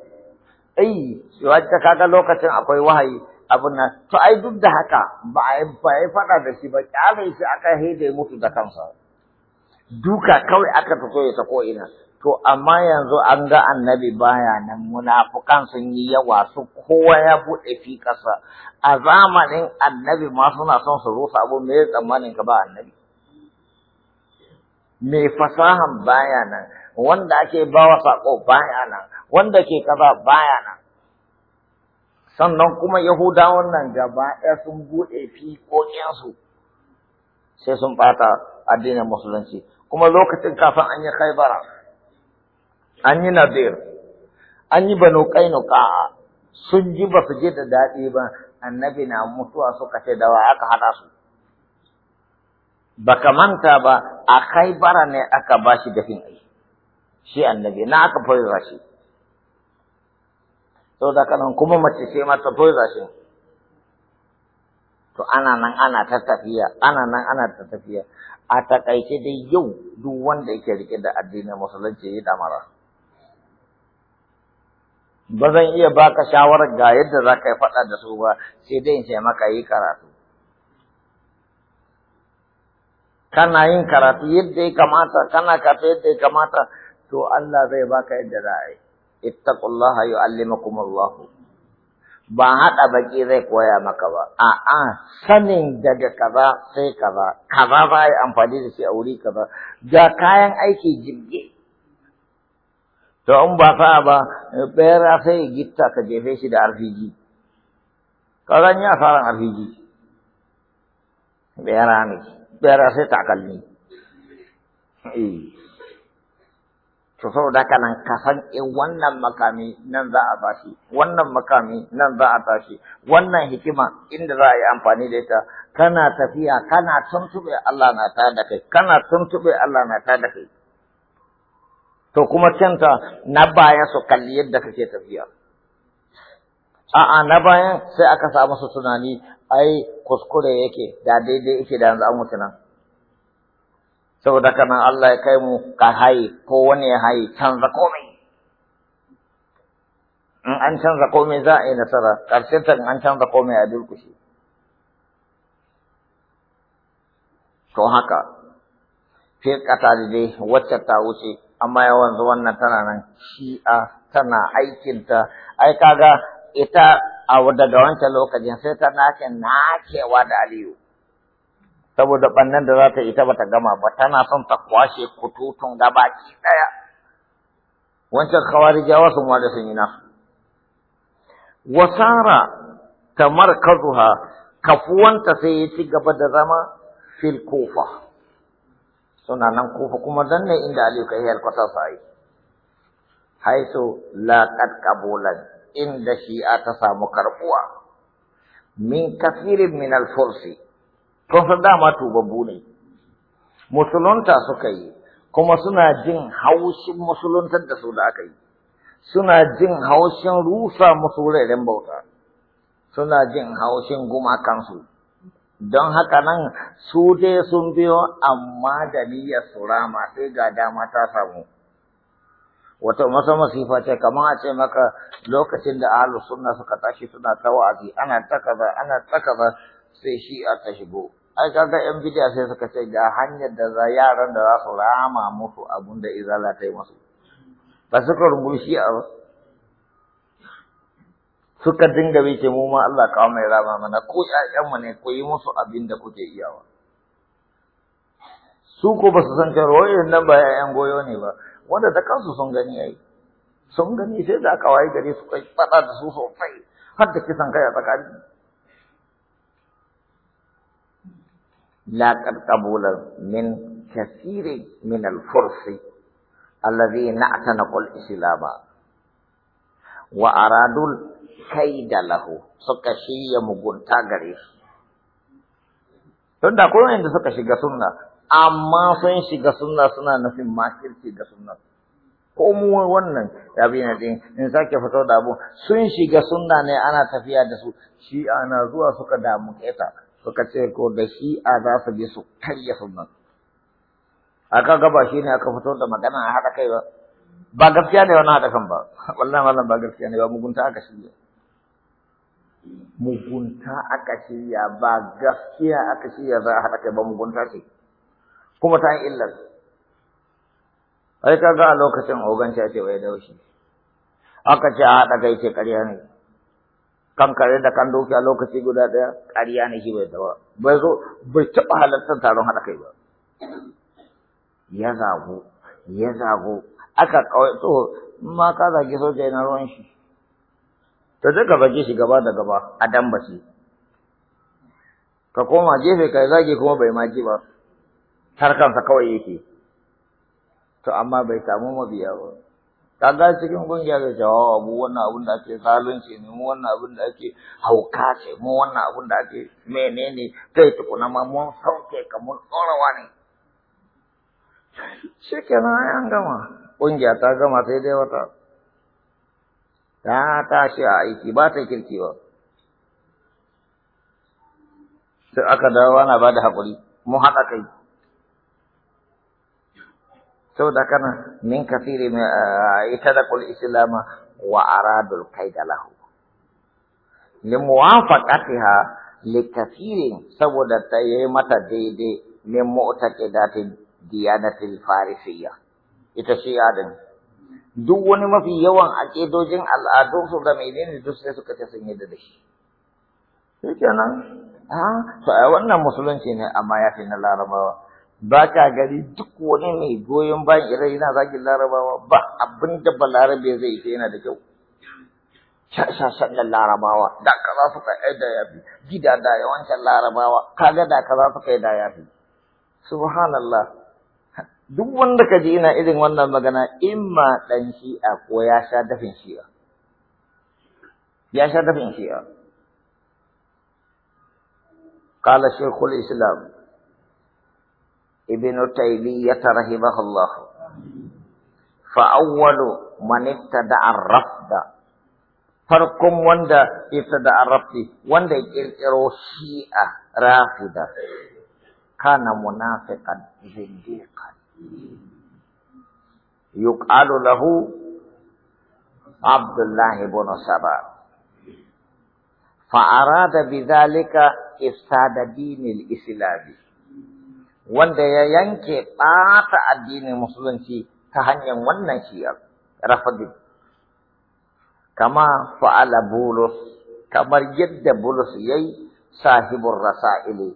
ai shi kaga lokacin akwai wahayi abun to ai duk da haka ba a yi faɗa da shi ba kyalai shi aka haide mutu da kansa duka kawai aka fito ya sako ina to amma yanzu an ga annabi baya nan munafukan sun yi yawa su kowa ya buɗe ƙasa, a zamanin annabi ma suna son su rusa abu me ya tsammanin ka ba annabi me fasahan baya nan wanda ake bawa sako baya nan wanda ke kaza baya nan sannan kuma yahudawan nan gaba ɗaya sun buɗe fikokinsu sai sun bata addinin musulunci kuma lokacin kafin an yi khaibara an yi nadir an yi banu kainuka sun ji ba su je da daɗi ba annabi na mutuwa suka ce dawa aka haɗa su baka manta ba a khaibara ne aka bashi dafin ai shi annabi na aka fara shi da kanan kuma mace ce mata fara shi to ana nan ana ta tafiya ana nan ana ta tafiya a taƙaice dai yau duk wanda yake rike da addinin musulunci ya damara ba zan iya baka shawarar ga yadda za ka yi faɗa da su ba sai dai in ce maka yi karatu kana yin karatu yadda ya kamata kana karatu yadda ya kamata to Allah zai baka yadda za a yi ittaqullaha yu'allimakumullahu ba haɗa baki zai koya maka ba a'a sanin daga kaza sai kaza kaza ba ya amfani da shi a wuri kaza ga kayan aiki jirgi to in ba fa ba bera sai gitta ka jefe shi da arfiji kaga ya fara arfiji bera ne bera sai takalmi eh to saboda haka nan ka san in eh, wannan makami nan za a bashi wannan makami nan za a tashi wannan hikima inda za a yi amfani da ita kana tafiya kana tuntube Allah na ta da kai kana tuntube Allah na ta da kai to kuma canta na bayan su kalli yadda kake tafiya a'a na bayan sai aka samu su tunani ai kuskure yake da daidai yake da yanzu an mutu nan saboda kana Allah ya kai mu ka haye ko wani ya haye canza komai in an canza komai za a yi nasara ƙarshen ta in an canza komai a durkushe to haka fi ƙasa dai wacce ta wuce amma yawan wannan tana nan shi'a tana aikinta ai kaga ita a daga wancan lokacin sai ta nake nakewa da aliyu saboda bannan da za ta ita bata gama ba tana son ta kwashe kututun gabaki daya wancan khawarijawa sun wada sun yi nasu wasara tamarkazuha kafuwanta sai ya ci gaba da zama fil kufa suna nan kufa kuma dan ne inda Aliyu kai alkwata sai haisu la kad inda shi'a ta samu karbuwa min kafirin min al-fursi kun san dama tubabbu ne musulunta suka yi kuma suna jin haushin musuluntar da su da aka yi suna jin haushin rusa musu wuraren bauta suna jin haushin gumakansu don haka nan su dai sun biyo amma da niyyar su rama sai ga dama ta samu wata masa masifa ce kamar a ce maka lokacin da alu sunna suka tashi suna ta wa'azi ana takaza, ana takaza, sai shi a ta shigo ai kaga yan bidiya sai suka ce ga hanyar da za yaran da za su rama musu abun da izala ta yi musu ba suka rungumi shi a suka dinga bice mu ma Allah kawo mai rama mana ko ƴaƴanmu ne ko yi musu abin da kuke iyawa su ko ba su san cewa wani nan ba yayan goyo ne ba wanda da kansu sun gani ai sun gani sai da aka waye gari su kai fada da su sosai har da kisan kai a tsakanin. لاقت قبولا من كثير من الفرس الذين اعتنقوا الإسلام وأرادوا الكيد له سكشي مغنتا gare tunda ko da suka shiga sunna amma sun shiga sunna suna nufin makirci ga sunna ko mu wannan rabi na din in sake fito da abu sun shiga sunna ne ana tafiya da su shi ana zuwa suka damu keta suka ce ko da shi a za su bi su karya a kan gaba shi ne aka fito da magana a haɗa kai ba ba gaskiya ne wani haɗa kan ba wallah wallah ba gaskiya ne ba mugunta aka shirya mugunta aka shirya ba gaskiya aka shirya za a haɗa kai ba mugunta ce kuma ta yi illar ai kaga a lokacin oganci ce wai daushi aka ce a haɗa kai ce ƙarya ne kan kare da kan doki a lokaci guda ɗaya ƙarya ne shi bai taɓa bai zo bai taɓa halartar taron haɗa kai ba ya zago ya zago aka kawai to ma ka zage soja yana ruwan shi to duk ka shi gaba da gaba a dambashi ka koma gefe ka zage kuma bai ji ba har kawai yake to amma bai samu mabiya ba kaga cikin kungiya da ce oh, mu wannan abin da ake zalunci ne mu wannan abin da ake hauka ce mu wannan abin da ake menene kai tukuna ma mun sauke ka mun tsorawa ne shikenan ai an gama kungiya ta gama sai dai wata ta tashi a aiki ba ta kirki ba sai aka dawo ana ba da haƙuri mu haɗa kai saboda kana min kafiri ah, ita da kul islama wa aradul kaida lahu li likafirin saboda ta yi mata daidai min mu'taqidatin diyanatil farisiyya ita shi adam duk wani mafi yawan aƙidojin su da menene duk sai suka ce sun yadda da shi kenan a ah, to ai ah, wannan musulunci ne amma ya fi na larabawa ba ka gari duk wani ne goyon bayan irai yana zagin larabawa ba abin da ba larabe zai ce yana da kyau shashasan larabawa da ka za su kai da fi gida da yawancin larabawa kaga da ka za su kai da ya fi. subhanallah duk wanda ka ji ina irin wannan magana in ma dan shi'a ko ya sha dafin shi'a ya sha dafin shi'a قال شيخ الإسلام ابن تيمية رحمه الله فأول من ابتدع الرفض فرقم وند ابتدع الرفض وند يرقر شيئا رافدا كان منافقا زنديقا يقال له عبد الله بن سبا فأراد بذلك إفساد دين الإسلامي wanda ya yanke ɓata addinin musulunci ta hanyar wannan shiyar rafadin kama fa'ala bulus kamar yadda bulus ya yi sahibin rasa'ili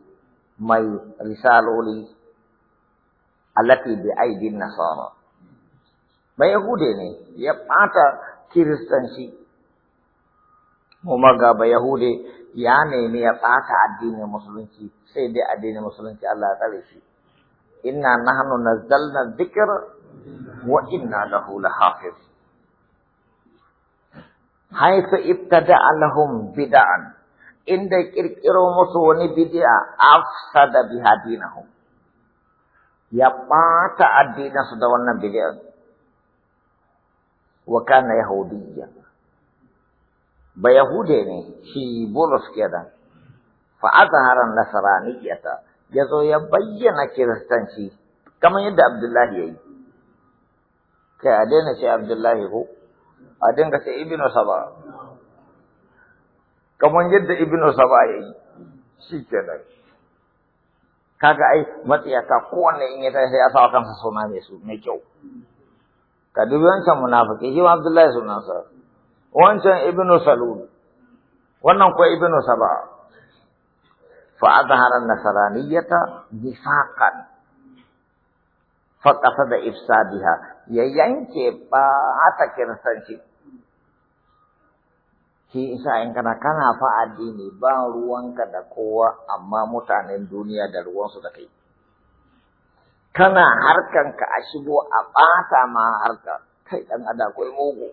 mai risaloli allati bi aidin nasara mai yahude ne ya ɓata kiristanci kuma ga ba yahude ya nemi ya ɓata addinin musulunci sai dai addinin musulunci Allah ya tsare shi inna nahnu nazzalna dhikra wa inna lahu lahafiz haythu ibtada lahum bid'an inda kirkiro musu wani bid'a afsada biha dinahum ya ɓata su da wannan bid'a wa kana yahudiyyan ba Yahude ne shi Bulus kenan fa azhara nasraniyata yazo ya bayyana kiristanci kamar yadda Abdullahi yayi kai a daina ce Abdullahi ko a dinga ce Ibn Saba kamar yadda Ibn Saba yayi shi kenan kaga ai matsiyaka kowanne in ya tashi ya sa kansa suna mai su mai kyau ka dubi wancan munafiki shi ma Abdullahi sunansa wancan ibnu salul wannan kuwa ibnu saba fa azhara nasraniyata nifaqan fa qasada ifsadiha ya yanke ba ata kirsanci shi isa in kana kana fa addini ba ruwanka da kowa amma mutanen duniya da ruwansu da kai kana harkanka a shigo a ɓata ma harka kai ɗan ada akwai mugu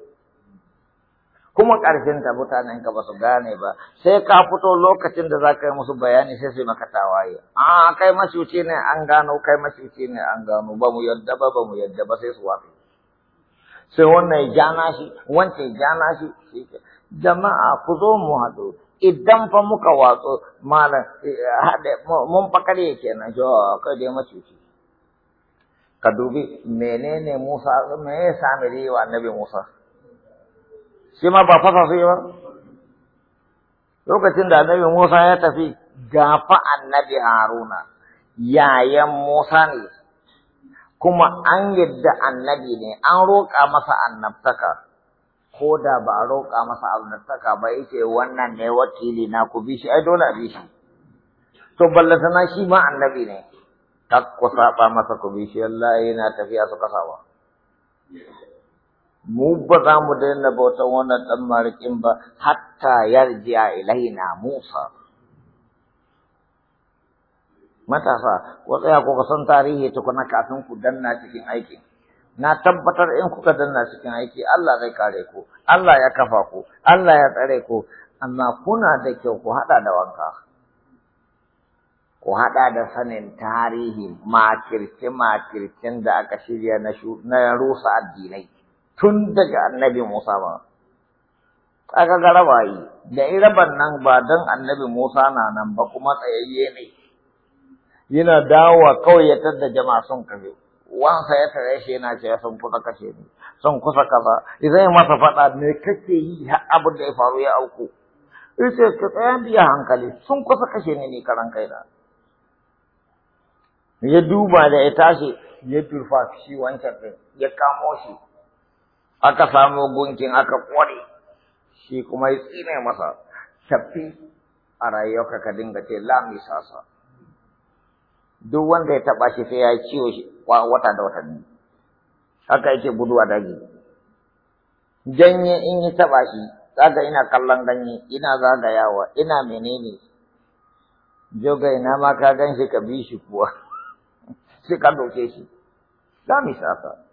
kuma ƙarshen ta mutanen ka ba su gane ba sai ka fito lokacin da za ka yi musu bayani sai su maka tawaye a kai mashuci ne an gano kai mashuci ne an gano ba mu yadda ba ba mu yadda ba sai su wafe sai wannan ya jana shi wancan ya jana shi jama'a ku zo mu haɗu idan fa muka watsu malam eh, mun fakare kenan jo oh, kai dai mashuci ka dubi menene Musa me ya sami riwa Annabi Musa shi ma ba fasa su ba lokacin da annabi Musa ya tafi gafa annabi Haruna yayan Musa ne kuma an yadda annabi ne an roƙa masa annabtaka ko da ba a roƙa masa annabtaka ba yake wannan ne wakili na ku bi shi ai dole a bi shi to ballatana shi ma annabi ne kak ku saba masa ku bi shi Allah yana tafiya su kasawa mu ba za mu daina bautan wannan dan marikin ba hatta yarjiya ilaina Musa. Matasa, ko ya kuka san tarihi tukuna kafin ku danna cikin aiki. Na tabbatar in kuka danna cikin aiki Allah zai kare ku, Allah ya kafa ku, Allah ya tsare ku, amma kuna da kyau ku haɗa da wanka. Ku haɗa da sanin tarihi makirce-makircen da aka shirya na rusa addinai. tun daga annabi Musa ba. Aka ga rabayi, da iraban nan ba don annabi Musa na nan ba kuma tsayayye ne. Yana dawowa kawai ya tadda jama sun kafe. Wansa ya tare shi yana cewa sun kusa kashe ni, sun kusa kasa. idan yi masa faɗa ne kake yi har abin da ya faru ya auku. Ita ka tsaya biya hankali, sun kusa kashe ni ne karan da. Ya duba da ya tashi, ya turfa shi wancan ɗin, ya kamo shi, aka samu gunkin aka kware shi kuma ya tsine masa tafi a rayuwa ka dinga ce lami sasa duk wanda ya taba shi sai ya ciwo shi wata da watanni haka yake guduwa daji janye in yi taba shi zaga ina kallon ganye ina zagayawa ina menene joga ina ma ka gan shi ka bi shi kuwa sai ka doke shi lami sasa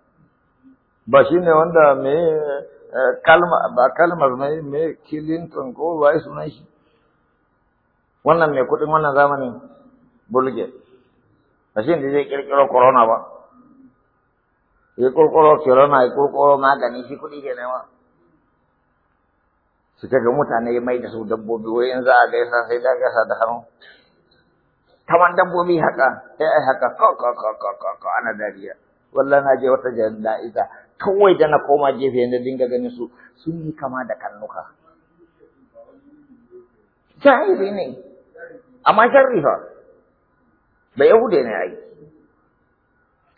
ba shi ne wanda me eh, kalma ba kalmar mai me Kilinton ko wai sunan shi wannan mai kuɗin wannan zamanin bulge ba shi ne zai kirkiro corona ba ya kurkuro corona ya kurkuro magani shi kuɗi ke nema su ta ga mutane mai da su dabbobi wai in za a gaisa sai da gasa da hannu kamar dabbobi haka sai ai haka ko ko ko ko ko ana dariya wallahi na je wata janda'iza kawai da na koma gefe na dinga ganin su sun yi kama da karnuka jahiri ne amma sharri fa ba yahude ne ai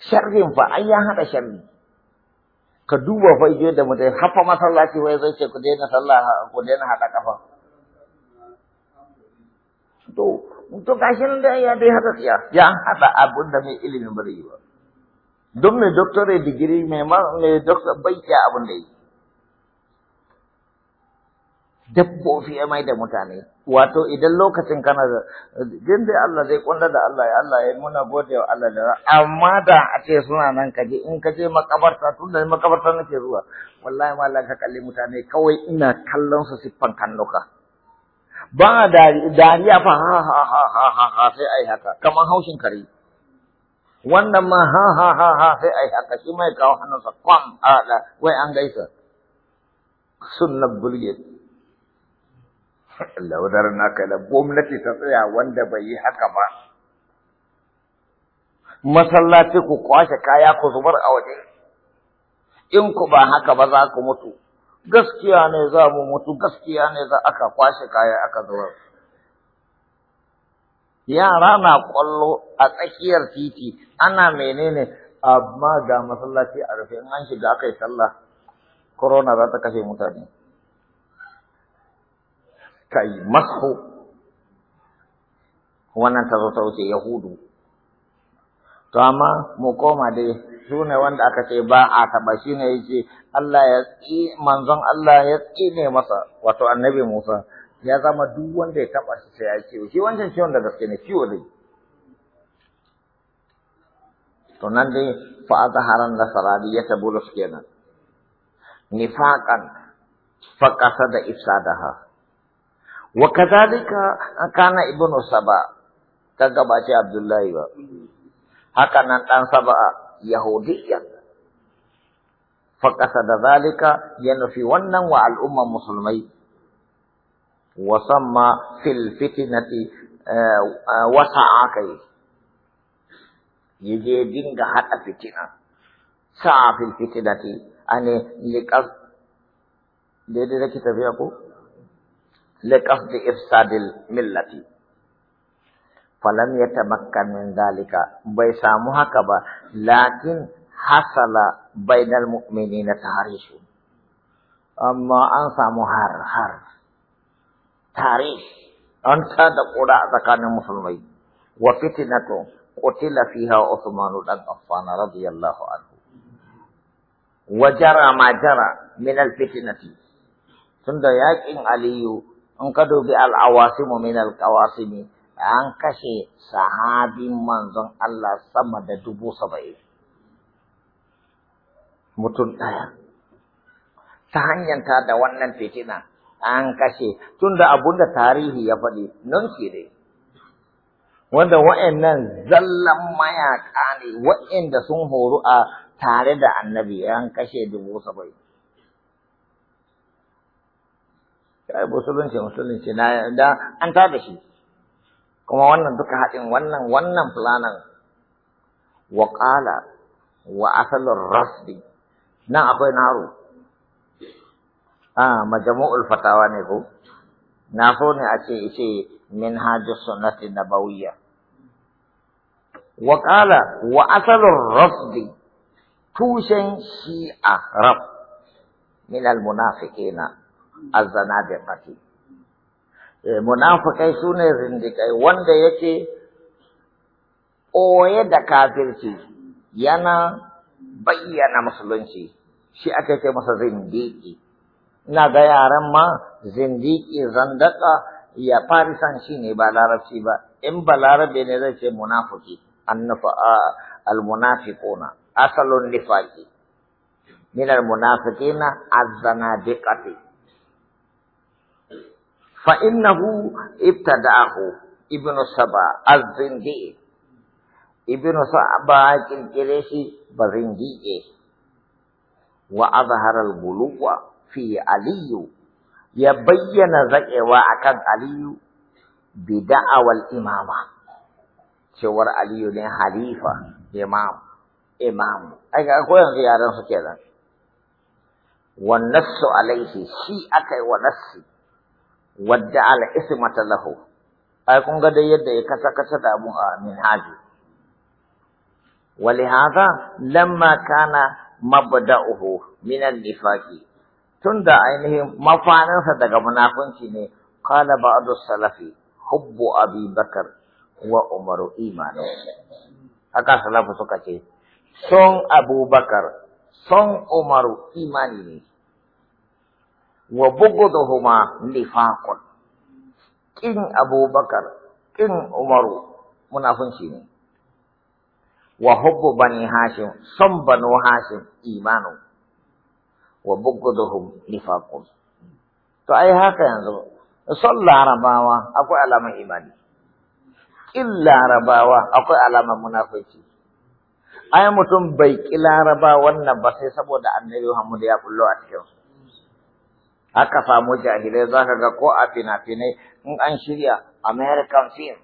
sharrin fa ai ya hada sharri ka duba fa da mutai hafa masallaci wai zai ce ku daina sallah ku daina hada kafa to to gashin da ya dai haka ya ya hada abun da mai ilimin bari ba Don mai doctorate digiri mai doctor bai iya abin da yi. Dabbofi ya mai da mutane, wato idan lokacin kana da, jin dai Allah zai kwanda da Allah ya Allah ya muna gode wa Allah da amma da a ce suna nan ka je in ka je makabarta tun da makabarta nake zuwa, wallahi ma ka kalli mutane kawai ina kallon su siffan kalloka Ba dariya fa ha ha ha ha ha sai ai haka, kamar haushin kare. wannan ma ha ha ha ha sai ai haka shi mai kawo hannunsa kwam a haɗa wai an gaisa sunnan bulge Allah wadar na kai da gwamnati ta tsaya wanda bai yi haka ba masallaci ku kwashe kaya ku zubar a waje in ku ba haka ba za ku mutu gaskiya ne za mu mutu gaskiya ne za aka kwashe kaya aka zubar yara na kwallo a tsakiyar titi ana menene amma ga masallaci a rufe in an shiga aka yi sallah corona za ta kashe mutane kai masu wannan ta zo ta wuce yahudu to amma mu koma dai su ne wanda aka ce ba a taba shi ne ce, Allah ya tsi manzon Allah ya tsine masa wato annabi Musa ya zama duk wanda ya taɓa shi sai ya ce shi wancan ciwon da gaske ne ciwo dai to nan dai fa azharan nasarani ya tabulus kenan nifaqan fa qasada ifsadaha wa kadhalika kana ibnu saba kaga ba ce abdullahi ba haka nan dan saba yahudiyya fa qasada zalika ya nufi wannan wa umma musulmai وسمى في الفتنة وسعى كي يجي دينغا حتى فتنة سعى في الفتنة أني لقصد دي دي لكي تفيقو لقصد إفساد الملة فلم يتمكن من ذلك بيسامها كبا لكن حصل بين المؤمنين تهريش أما أنصى مهر هر tare an ta da ƙura a tsakanin musulmai wa fitnatu qutila fiha Uthman ibn Affan radiyallahu anhu wa jara ma jara min al fitnati tunda yaƙin Aliyu in ka dubi al awasim min al qawasim an kashe sahabin manzon Allah sama da dubu saba'in mutum ɗaya ta hanyar da wannan fitina an kashe tunda abun da tarihi ya faɗi nan ke dai wanda wa'annan zallan mayaƙa ne wa'anda sun horu a tare da annabi an kashe dubu saba'i. kai musulunci musulunci na da an tada shi kuma wannan duka haɗin wannan wannan fulanan wa qala wa asalur rasdi nan akwai naru a majmu'ul fatawa ne ko na so ne a ce ishe minhajus sunnati nabawiyya wa qala wa asalur rafdi tushen shi'a raf min al munafiqina az-zanadiqati eh, munafiqai sune zindikai wanda yake ɓoye da kafirci yana bayyana musulunci shi aka ce masa zindiki ina ga yaran ma zindiki zandaka ya farisan shi ne ba larabci ba in ba larabe ne zai ce munafiki annafa almunafiquna asalun nifaqi min almunafiqina azana biqati fa innahu ibtada'ahu ibnu saba az-zindi ibnu saba kirkire shi bazindike wa azhara al fi aliyu ya bayyana zaƙewa akan aliyu bi da'awal imama cewar aliyu ne halifa imam imam ai ga ko yanzu yaran su kenan wan nassu alaihi shi akai wa nassi wadda al ismata lahu ai kun ga dai yadda ya kasa kasa da abun a minhaji ولهذا لما كان مبدأه من النفاق tun da ainihin mafaninsa daga munafunci ne qala ba'du salafi hubbu abi bakar wa umaru imanu haka salafu suka ce son abubakar son umaru imani ne wa bughduhuma nifaqun kin abubakar kin umaru munafunci ne wa hubbu bani hashim son banu hashim imanu wa bughduhum nifaqun to ai haka yanzu son larabawa akwai alamar imani kin larabawa akwai alamar munafiki ai mutum bai ki laraba wannan ba sai saboda annabi Muhammad ya kullo a cikin su aka samu jahilai zaka ga ko a fina-finai in an shirya American film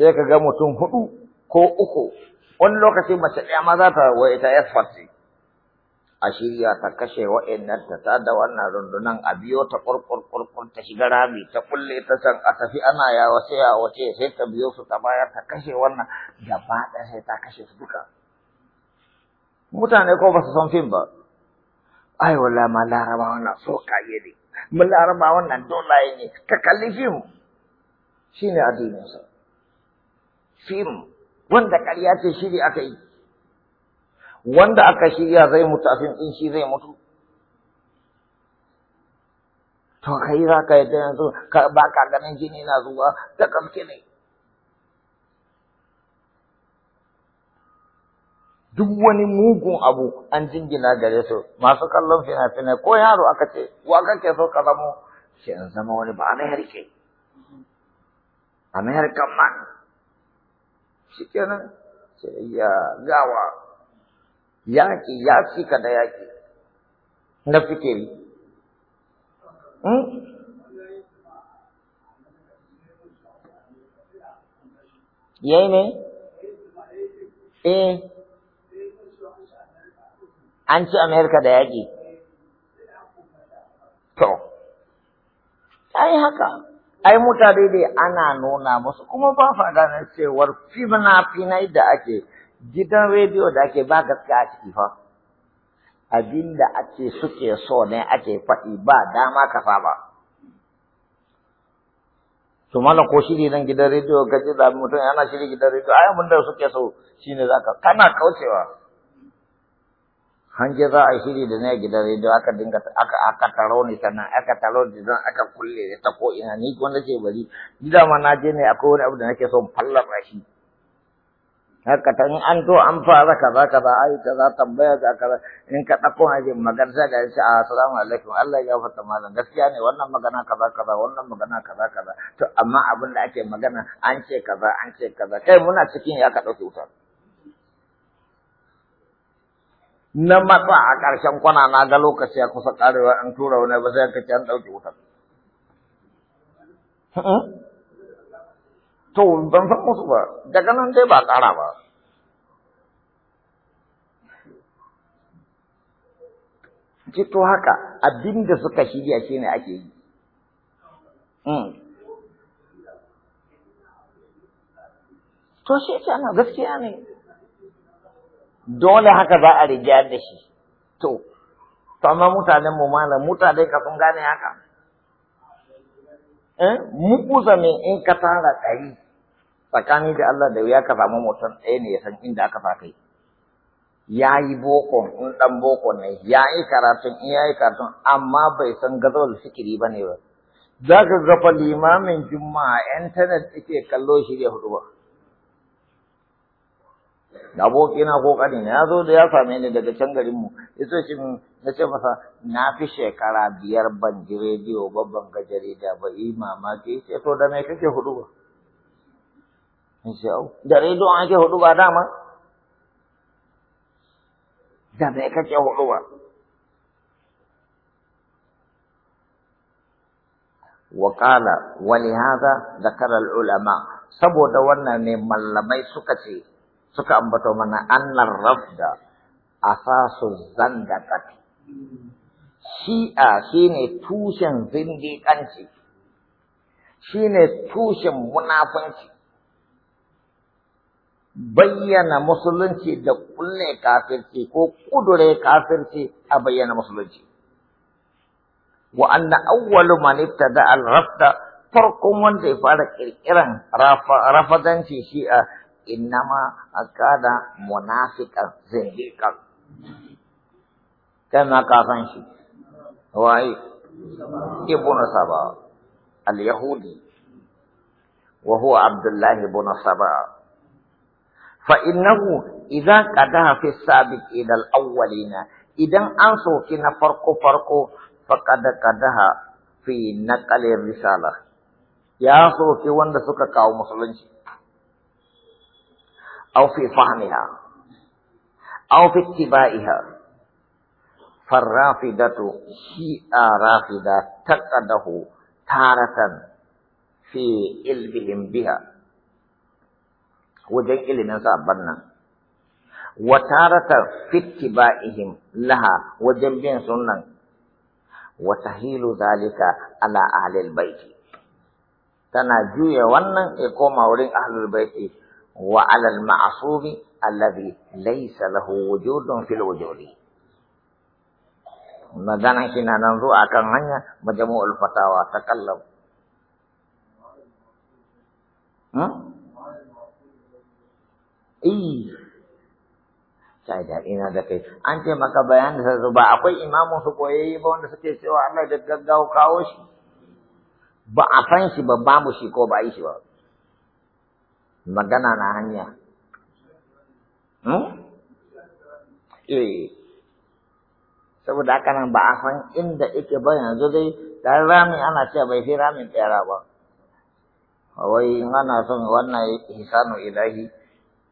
sai ka ga mutum hudu ko uku wani lokaci mace ɗaya ma za ta wa ita expert a shirya ta kashe wa'annan ta da wannan rundunan a biyo ta kurkurkurkur ta shiga rami ta kulle ta san a tafi ana yawa sai a wace sai ta biyo su ta bayar ta kashe wannan gaba ɗaya sai ta kashe su duka mutane ko ba su san fim ba ai wala ma laraba wannan so kaye ne mun laraba wannan dolaye ne ka kalli fim shine addininsa fim wanda ƙarya ce shiri aka yi wanda aka shirya zai mutu a fim shi zai mutu to kai za ka yadda yanzu ba ka ganin jini na zuwa da kamke ne duk wani mugun abu an jingina gare su masu kallon fina-finai ko yaro aka ce wa kake so ka zamo shi in zama wani ba amerika american man shi kenan sai ya gawa yaƙi ya cika da yaƙi na fikiri hmm? yayi ne eh an ci amerika da yaƙi to ai haka ai mutane dai ana nuna musu kuma ba fa na cewar fina-finai da ake gidan rediyo da ake ba gaskiya a ciki fa abinda ake suke so ne ake faɗi ba dama ka ba to malam ko shiri nan gidan rediyo ka ji da mutum ana shiri gidan rediyo ai abin da suke so shine zaka kana kaucewa hanje za a shiri da na gidan rediyo aka dinga aka aka taro ni sannan aka taro ni zan aka kulle ta ko ina ni gwanda ce bari gida ma na je ne akwai wani abu da nake so fallaba shi haka ta in an to an fara kaza kaza ai kaza tambaya za kaza in ka dauko haje magana sai ga shi assalamu alaikum Allah ya gafarta malam gaskiya ne wannan magana kaza kaza wannan magana kaza kaza to amma abin da ake magana an ce kaza an ce kaza kai muna cikin ya ka dauke wuta na matsa a ƙarshen kwana na ga lokaci ya kusa karewa an tura wani ba sai ka ci an ɗauke wutar. Hmm? to ban san musu ba daga nan dai ba ƙara ba ce to haka abinda suka shirya shi ne ake yi hmm. to shi ce ana gaskiya ne dole haka za a riga da shi to to amma mutanen mu malam mutane ka sun gane haka eh, mu kusa ne in ka tara ɗari tsakani da Allah da wuya ka samu mutum ɗaya ne ya san inda aka sa kai ya yi bokon in ɗan boko ne ya yi karatun in ya yi karatun amma bai san gazawar fikiri ba ne ba za ka gafa limamin juma'a intanet take kallo shi da hudu ba abokina ko ne ya zo da ya same ni daga can garin mu yace shi na ce masa na fi shekara biyar ban ji rediyo ba ban ga jarida ba yi mamaki ya to da me kake hudu ba da rediyon ake hudu ba dama da me kake hudu ba وقال ولهذا ذكر العلماء saboda wannan ne mallamai suka ce suka ambato mana annar rafda asasu zandaqat shi'a shine tushen zindiƙanci shine tushen munafunci bayyana musulunci da kulle kafirci ko kudure kafirci a bayyana musulunci wa anna awwalu man ibtada al-rafda farkon wanda ya fara kirkiran rafadanci a innama akada munafiqan zindiqan kana ka san shi wai ibnu saba al-yahudi wa huwa abdullah ibn saba فإنه إذا قدها في السابق إلى الأولين إذا أنصو كنا فرق فرق فقد قدها في نقل الرسالة يا صوتي وند سكك كاو مسلمش أو في فهمها أو في اتباعها فالرافدة هي رافدة تقده تارة في علمهم بها wajen ilimin sabon nan wa tarata fittiba'ihim laha wajen bin sunnan wa tahilu zalika ala ahlil baiti tana juya wannan ya koma wurin ahlul baiti wa ala al ma'sumi alladhi laysa lahu wujudun fil wujudi magana kina nan zuwa kan hanya majmu'ul fatawa takallam kallon. Eh. sai da ina da kai an ce maka bayanin sa ba akwai imamun su koyayye ba wanda suke cewa Allah da gaggawo kawo shi ba a san shi ba babu shi ko ba yi shi ba magana na hanya hmm? eh saboda haka nan ba a san inda yake ba yanzu dai dan rami ana cewa bai fi ramin tsara ba wai ana son wannan hisanu ilahi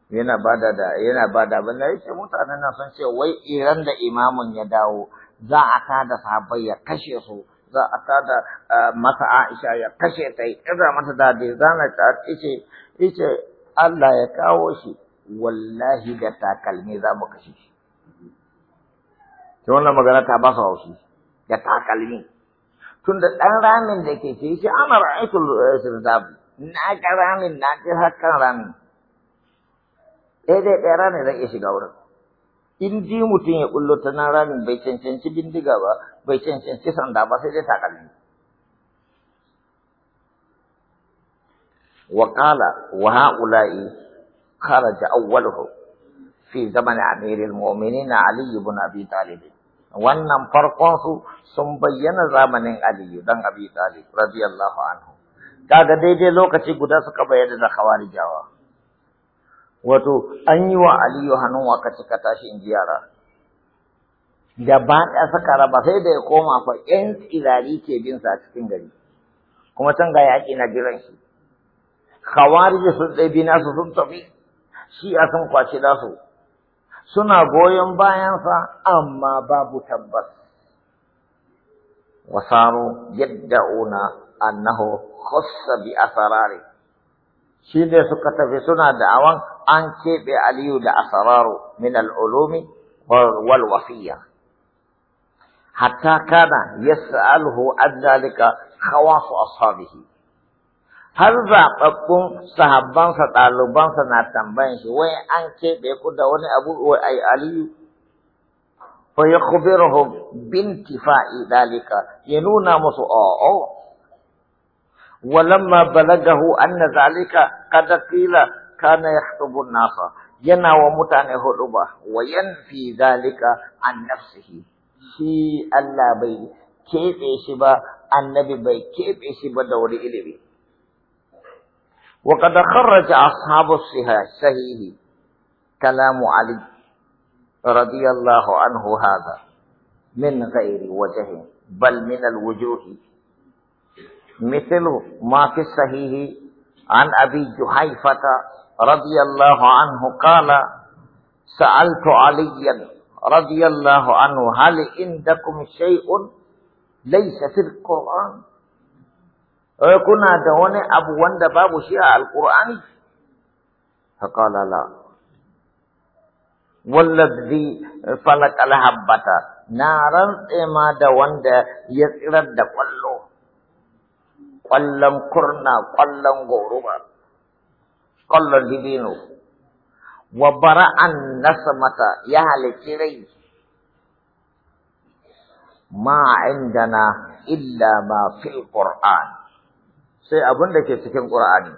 yana bada da yana bada abin da yake mutanen nan sun ce wai iran da imamun ya dawo za a tada sahabbai ya kashe su za a tada masa Aisha ya kashe ta idan mata dadi zana ta ce ce Allah ya kawo shi wallahi da takalmi za mu kashe shi to wannan magana ta ba su haushi da takalmi tun da dan ramin da ke ce shi ana aitul eh, sirdab na ga ramin na ga hakan ramin ɗaya ɗaya ɗaya rana zai iya shiga wurin in ji mutum ya ƙullo ta nan ramin bai cancanci bindiga ba bai cancanci sanda ba sai dai takalmi وقال وهؤلاء خرج أوله في زمن أمير na Aliyu bin abi طالب wannan farkon su sun bayyana zamanin Aliyu dan Abi Talib radiyallahu anhu kaga daidai lokaci guda suka bayyana da Khawarijawa wato an yi wa aliyu hannun waka cika tashi in Da ba gaba ɗaya saka raba sai da ya koma fa 'yan tsirari ke bin sa cikin gari kuma can ga yaƙi na jiran shi khawarij sun ɗabi nasu sun tafi shi a sun kwace nasu suna goyon bayansa amma babu tabbas wasaru una annahu khassa bi asarari shi ne suka tafi suna da'awan an keɓe aliyu da asararu min al'ulumi wal wasiya hatta kana yas'aluhu an dalika khawasu ashabihi har zaɓaɓɓun sahabbansa ɗalibansa na tambayan shi wai an keɓe ku da wani abu wai ai aliyu fa yakhbiruhum bintifa'i dalika ya nuna musu a'a ولما بلغه أن ذلك قد قيل كان يخطب الناس ينا ومتان هربا وينفي ذلك عن نفسه في الله بي كيف يشبا النبي بي كيف يشبا دوري إليه وقد خرج أصحاب الصحيح كلام علي رضي الله عنه هذا من غير وجه بل من الوجوه مثل ما في الصحيح عن أبي جحيفة رضي الله عنه قال سألت عليا رضي الله عنه هل عندكم شيء ليس في القرآن كنا دون أبو وند باب شيء القرآن فقال لا والذي فلك الهبة نارا إما دون يسرد كله ƙwallon kurna, ƙwallon goruba, ƙwallon dibino, wa bara'an nasa mata ya halici rai, ma indana illa ma fil Qur'an, sai abin da ke cikin Al-ƙur'ani.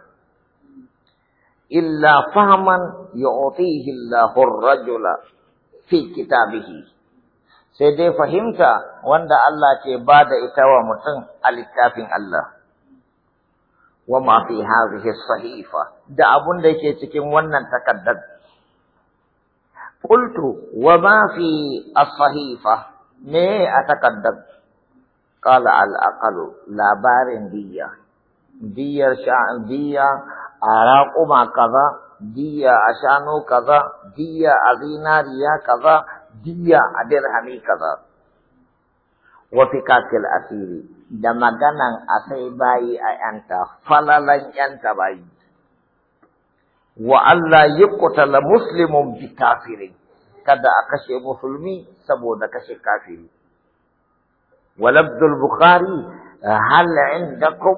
Illa fahman yu'tihi Allahu ar-rajula fi kitabihi. Sai dai fahimta wanda Allah ke ba da ita wa mutum a littafin Allah. wa ma fi hadhihi sahifa da abun da yake cikin wannan takaddar qultu wa ma fi as-sahifa me a takaddar qala al-aqalu labarin diya diyar sha'an diya a raƙuma kaza diya a shanu kaza diya a zinariya kaza diya a dirhami kaza wa fi katil asiri da maganan a sai bayi a ‘yanta, falalan ‘yanta bayi. Wa Allah yi kutala Musulmin bi kafirin, kada a kashe musulmi saboda kashe kafiri. ولفظ البخاري هل عندكم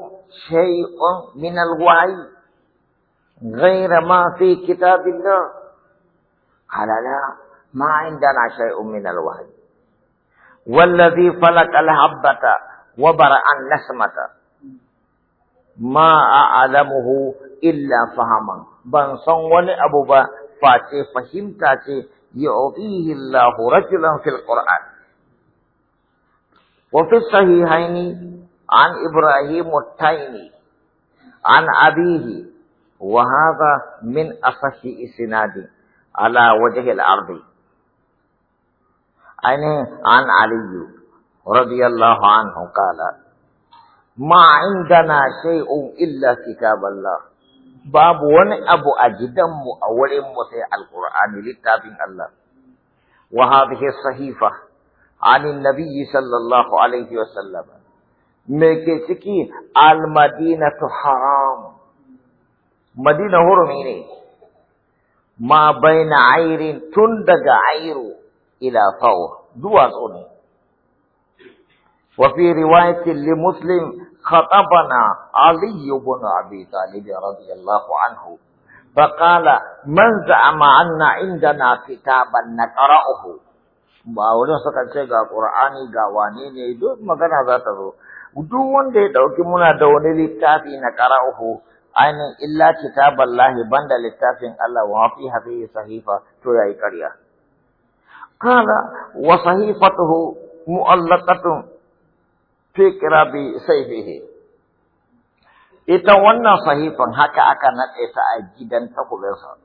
شيء من الوعي غير ما في كتاب الله قال لا ما عندنا شيء من الوعي والذي فلك الحبة وبرأن نسمت ما أعلمه illa فهما ban san wani abu ba face fahimta ce yu'tihi Allah rajulan fil Qur'an wa fi sahihain an Ibrahimu Ta'ini taimi an abihi wa hadha min asahi isnadi ala wajhi al-ardi ayne an Aliyu. رضي الله عنه قال ما عندنا شيء إلا كتاب الله باب ون أبو أجدم أول مسيح القرآن للتابع الله وهذه الصحيفة عن النبي صلى الله عليه وسلم مكسكي المدينة حرام مدينة هرميني ما بين عير تندق عير إلى فور دواز أني وفي رواية لمسلم خطبنا علي بن أبي طالب رضي الله عنه فقال من زعم أن عندنا كتابا نقرأه ba suka ce ga Qur'ani ga wane ne duk magana za ta zo duk wanda ya dauki muna da wani littafi na qara'uhu ainin illa kitaballahi banda littafin Allah wa fi hafi sahifa to yayi ƙarya qala wa sahifatuhu mu'allaqatun fi qirabi sayfihi ita wannan sahifan haka aka naɗe ta a gidan takobinsa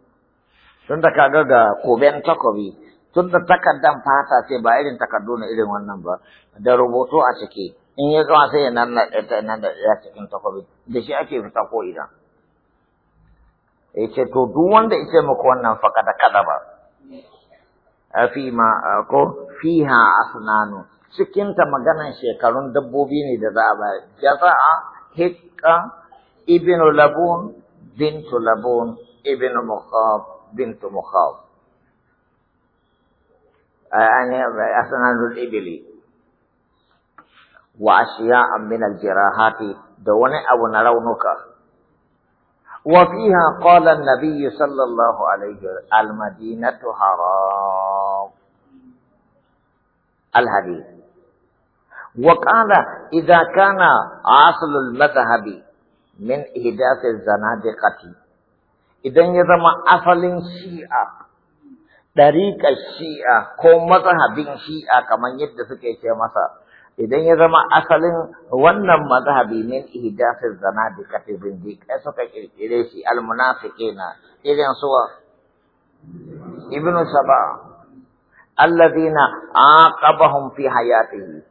tun da kaga ga koben takobi tun da takardan fata ce ba irin takardu na irin wannan ba da rubutu a ciki in ya zama sai ya nannaɗe nan da cikin takobi da shi ake fita ko ina yace to duk wanda yace muku wannan faqad kadaba fi ma ko fiha asnanu cikinta maganan shekarun dabbobi ne da za a bayar jaza'a hikka ibnu labun bintu labun ibnu mukhab bintu mukhab يعني أسنان الإبل وأشياء من الجراحات دون أو نرونك وفيها قال النبي صلى الله عليه وسلم المدينة حرام الحديث وقال اذا كان عاصل المذهب من احداث الزنادقه idan ya zama asalin shi'a dariƙar shi'a ko mazhabin shi'a kamar yadda suke ce masa idan ya zama asalin wannan mazhabi min ihdathiz zanadiqati bin dik ai suka kirkire shi al munafiqina idan suwa ibnu saba alladhina aqabahum fi hayatihi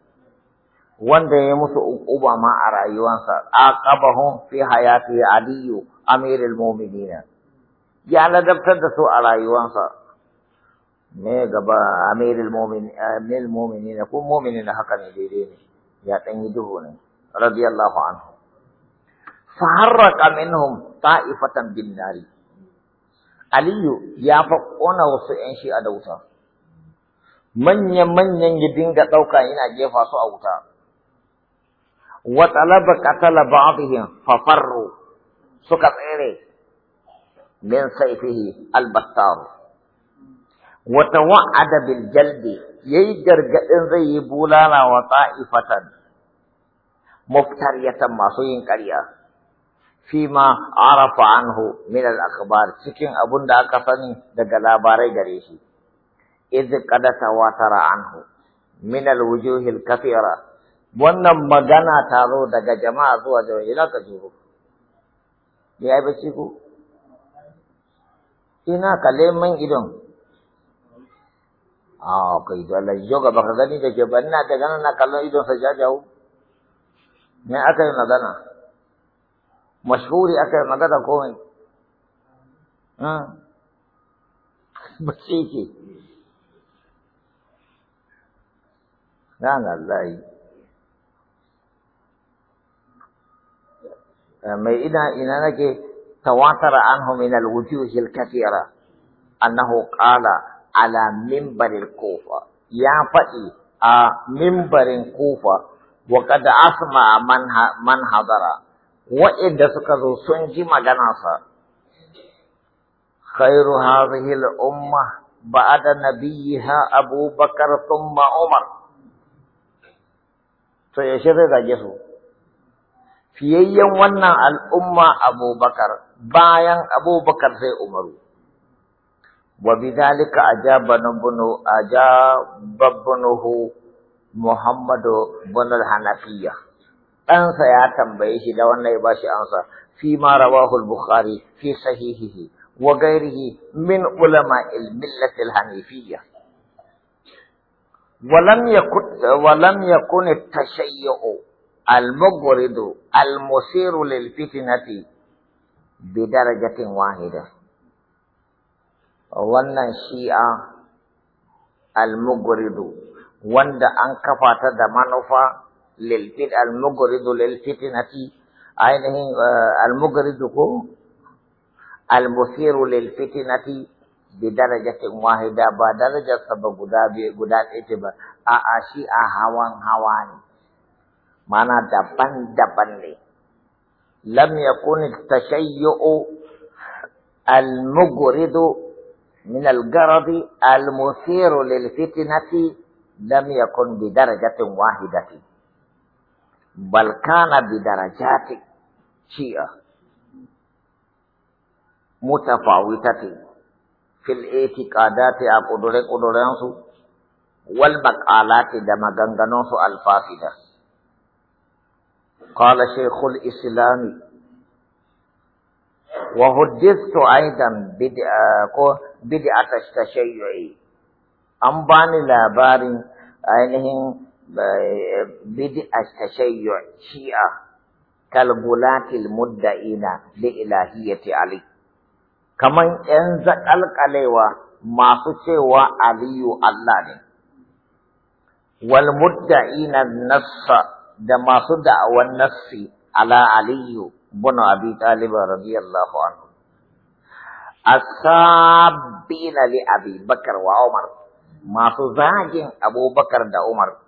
wanda ya musu uquba ma a rayuwansa aqabahum fi hayati aliyu amirul mu'minin ya ladabtar da su a rayuwansa me gaba amirul mu'minin amirul mu'minin ko mu'minin haka ne daidai ne ya dan yi duhu ne radiyallahu anhu fa harraqa minhum ta'ifatan bin nari aliyu ya fa kona wasu yan shi'a da wuta manyan manyan ya dinga dauka ina jefa su a wuta وطلب قتل بعضهم ففروا سكت إليه من سيفه البتار وتوعد بالجلد يجر قدن زي بولانا وطائفة مفترية معصوين كريا فيما عرف عنه من الأخبار سكين أبن دا كفني دا لاباري إذ قد تواتر عنه من الوجوه الكثيرة wannan magana taro daga jama'a zuwa jama'a ina ka jiro ya yi bacci ku? ina ka leman idon a kai dole ga baka gani da ke ba na ta gana na kallon idon sa jajawo me aka yi magana mashhuri aka yi magana komai bacci ke ranar layi Eh, mai ina ina nake tawatara anhu min alwujuhi alkathira annahu qala ala minbaril kufa ya faɗi a mimbarin kufa wa qad asma man man hadara wa'inda suka zo sun ji maganarsa khairu hadhihi al-umma ba'da nabiyha abubakar Bakar thumma Umar to yaushe zai zage su fiyayyen wannan al'umma abubakar bayan abubakar sai umaru wa bidhalika ajaba nabnu ajababnuhu muhammadu bin al-hanafiya ɗansa ya tambaye shi da wannan ya bashi ansa fi ma rawahu al-bukhari fi sahihihi wa ghairihi min ulama al-millat al-hanifiyya ولم يكن ولم يكن التشيع المغرد المثير للفتنة بدرجة واحدة wannan shi'a al-mugridu wanda an kafa ta da manufa lilfit al-mugridu lilfitinati ainihin al-mugridu ko al-musiru lilfitinati bi darajatin wahida ba darajar sa ba guda biyu guda ɗaya ba a'a shi'a hawan hawa ne معنى دبن دبن لي لم يكن tashayyu المجرد من الجرد المثير للفتنة لم يكن بدرجة واحدة بل كان بدرجات شيئة متفاوتة في الاعتقادات قدر قدرانس والمقالات دمغنغنوس الفاسدة قال شيخ الإسلام وحدثت أيضا بدعة التشيع أم باني لاباري أينهم بدعة التشيع شيعة كالغلاة المدعين لإلهية علي كما إن زقلق ما سوى علي الله والمدعين النصر da masu da'awan nassi ala aliyu bin abi talib radiyallahu anhu asabin li abi bakr wa umar masu zagin abubakar da umar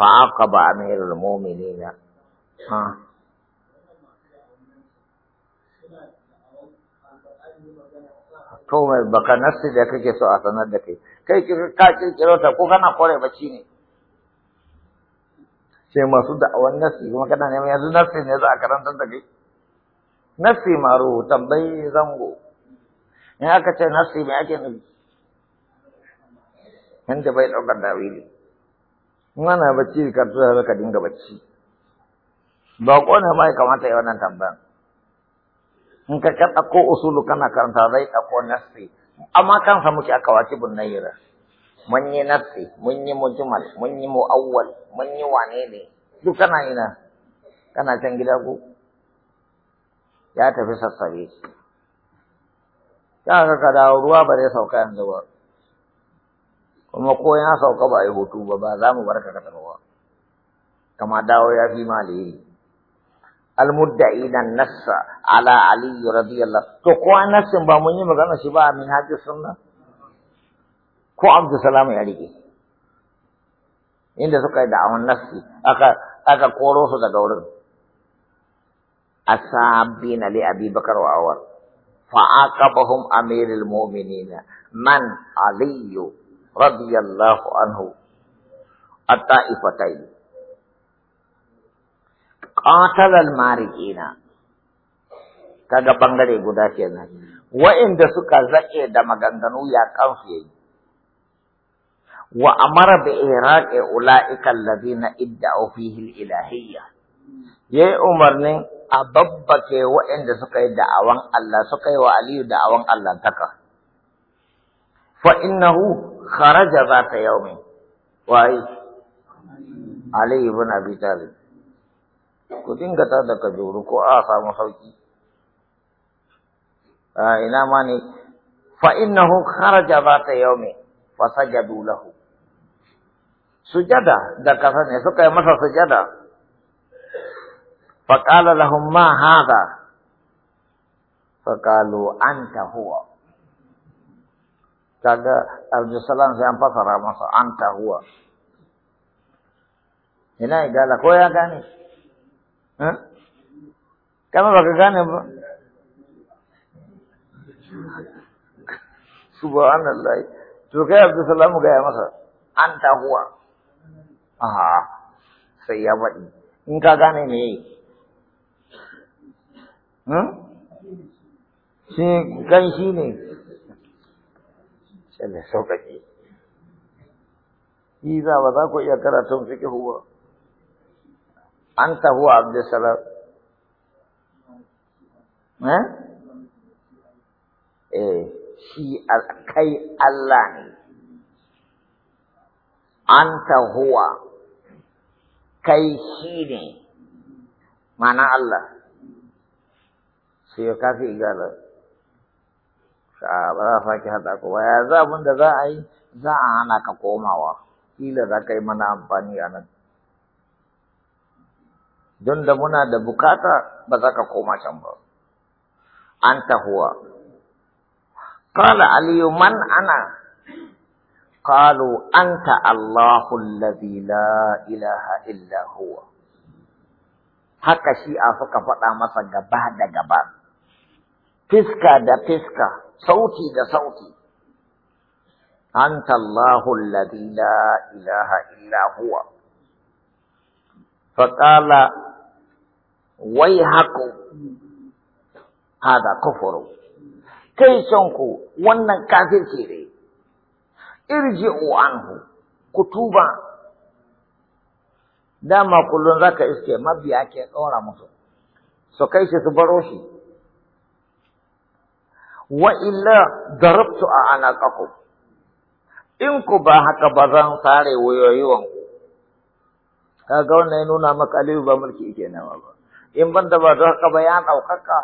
fa'aqaba amirul mu'minina ha to mai baka nassi da kake so a sanar da kai kai ka kirkiro ta ko kana kore bacci ne sai masu da'awar nassi kuma kana neman yanzu nassi ne za a karanta da kai nassi maru tambayi zango in aka ce nassi mai ake nufi yanda bai ɗaukar dawili in ana bacci ka tura ka dinga bacci ba kone ma ya kamata ya wannan tambayan in ka ka ɗauko usulu kana karanta zai ɗauko nassi amma kansa muke aka wace bunnayira mun yi nafi, mun yi mujmal mun yi mu'awwal mun yi wane ne duk kana ina kana can gida ko ya tafi sassabe ya ka dawo ruwa ba zai sauka yanzu ba kuma ko ya sauka ba a yi hutu ba ba za mu barka ka ba kama dawo ya fi maliri muddai dan nassa ala aliyu radiyallahu to ko nassin ba mun yi magana shi ba min hajji sunna ko Abdulsalam ya rike inda suka yi da'awan nassi aka aka koro su daga wurin asabina li abi bakar wa awar fa'aqabahum amirul mu'minina man aliyu radiyallahu anhu atta ifatai qatala al-mariqina kaga bangare guda kenan wa'inda suka zake da maganganu ya kansu yayi wa amara bi iraqi ulaika alladhina idda'u fihi al-ilahiyya yayi umarnin a babbake waɗanda suka yi da'awan Allah suka yi wa Aliyu da'awan Allah taka fa innahu kharaja zata yawmin wai Ali ibn Abi Talib ku dinga ta da kajuru ko a samu sauki ina ma ne fa innahu kharaja zata fa sajadu lahu sujada da kasa ne suka yi masa sujada faƙala lahum ma hada faƙalu anta huwa kaga Abdulsalam sai an fasara masa anta huwa ina igala ko ya gane kama baka gane ba subhanallah to kai Abdulsalam ga ya masa anta huwa Aha sai ya faɗi in ka gane me yi hmm? shi kan shi ne sai da sauƙaƙe shi za ba za ku iya karatun fiƙihu huwa? an taho abdulsalam eh eh shi kai Allah ne ta huwa kai shi ne ma'ana Allah sai ya kafi igala ba za a sake haɗa ku ya za da za a yi za a hana ka komawa kila za ka yi mana amfani a nan don da muna da bukata ba za ka koma can ba an tahuwa قال aliyu man ana. قالوا أنت الله الذي لا إله إلا هو haka shi a suka faɗa masa gaba da gaba fiska da fiska sauti da sauti anta Allahu alladhi la ilaha illa huwa fa qala hada kufru kai ku wannan kafirci ne irji'u anhu ku tuba dama kullum zaka iske mabiya ke dora musu su kai shi su baro shi wa illa darabtu a anaqakum in ku ba haka ba zan sare wayoyiwan ku kaga wannan ya nuna maka aliyu ba mulki yake na ba in ban da ba haka ba ya ɗaukaka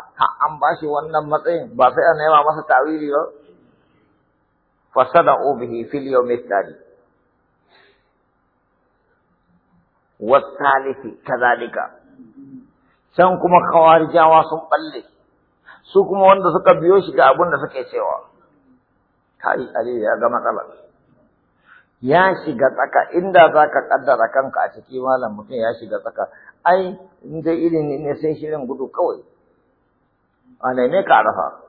an bashi wannan matsayin ba sai a yi masa tawili ba فصدعوا به في اليوم الثاني والثالث كذلك can kuma kawarijawa sun balle su kuma wanda suka biyo shi ga abin da suke cewa kai ali ya ga matsala ya shiga tsaka inda zaka ƙaddara kanka a cikin malam mutum ya shiga tsaka ai in dai irin ne sai shirin gudu kawai a neme ka arafa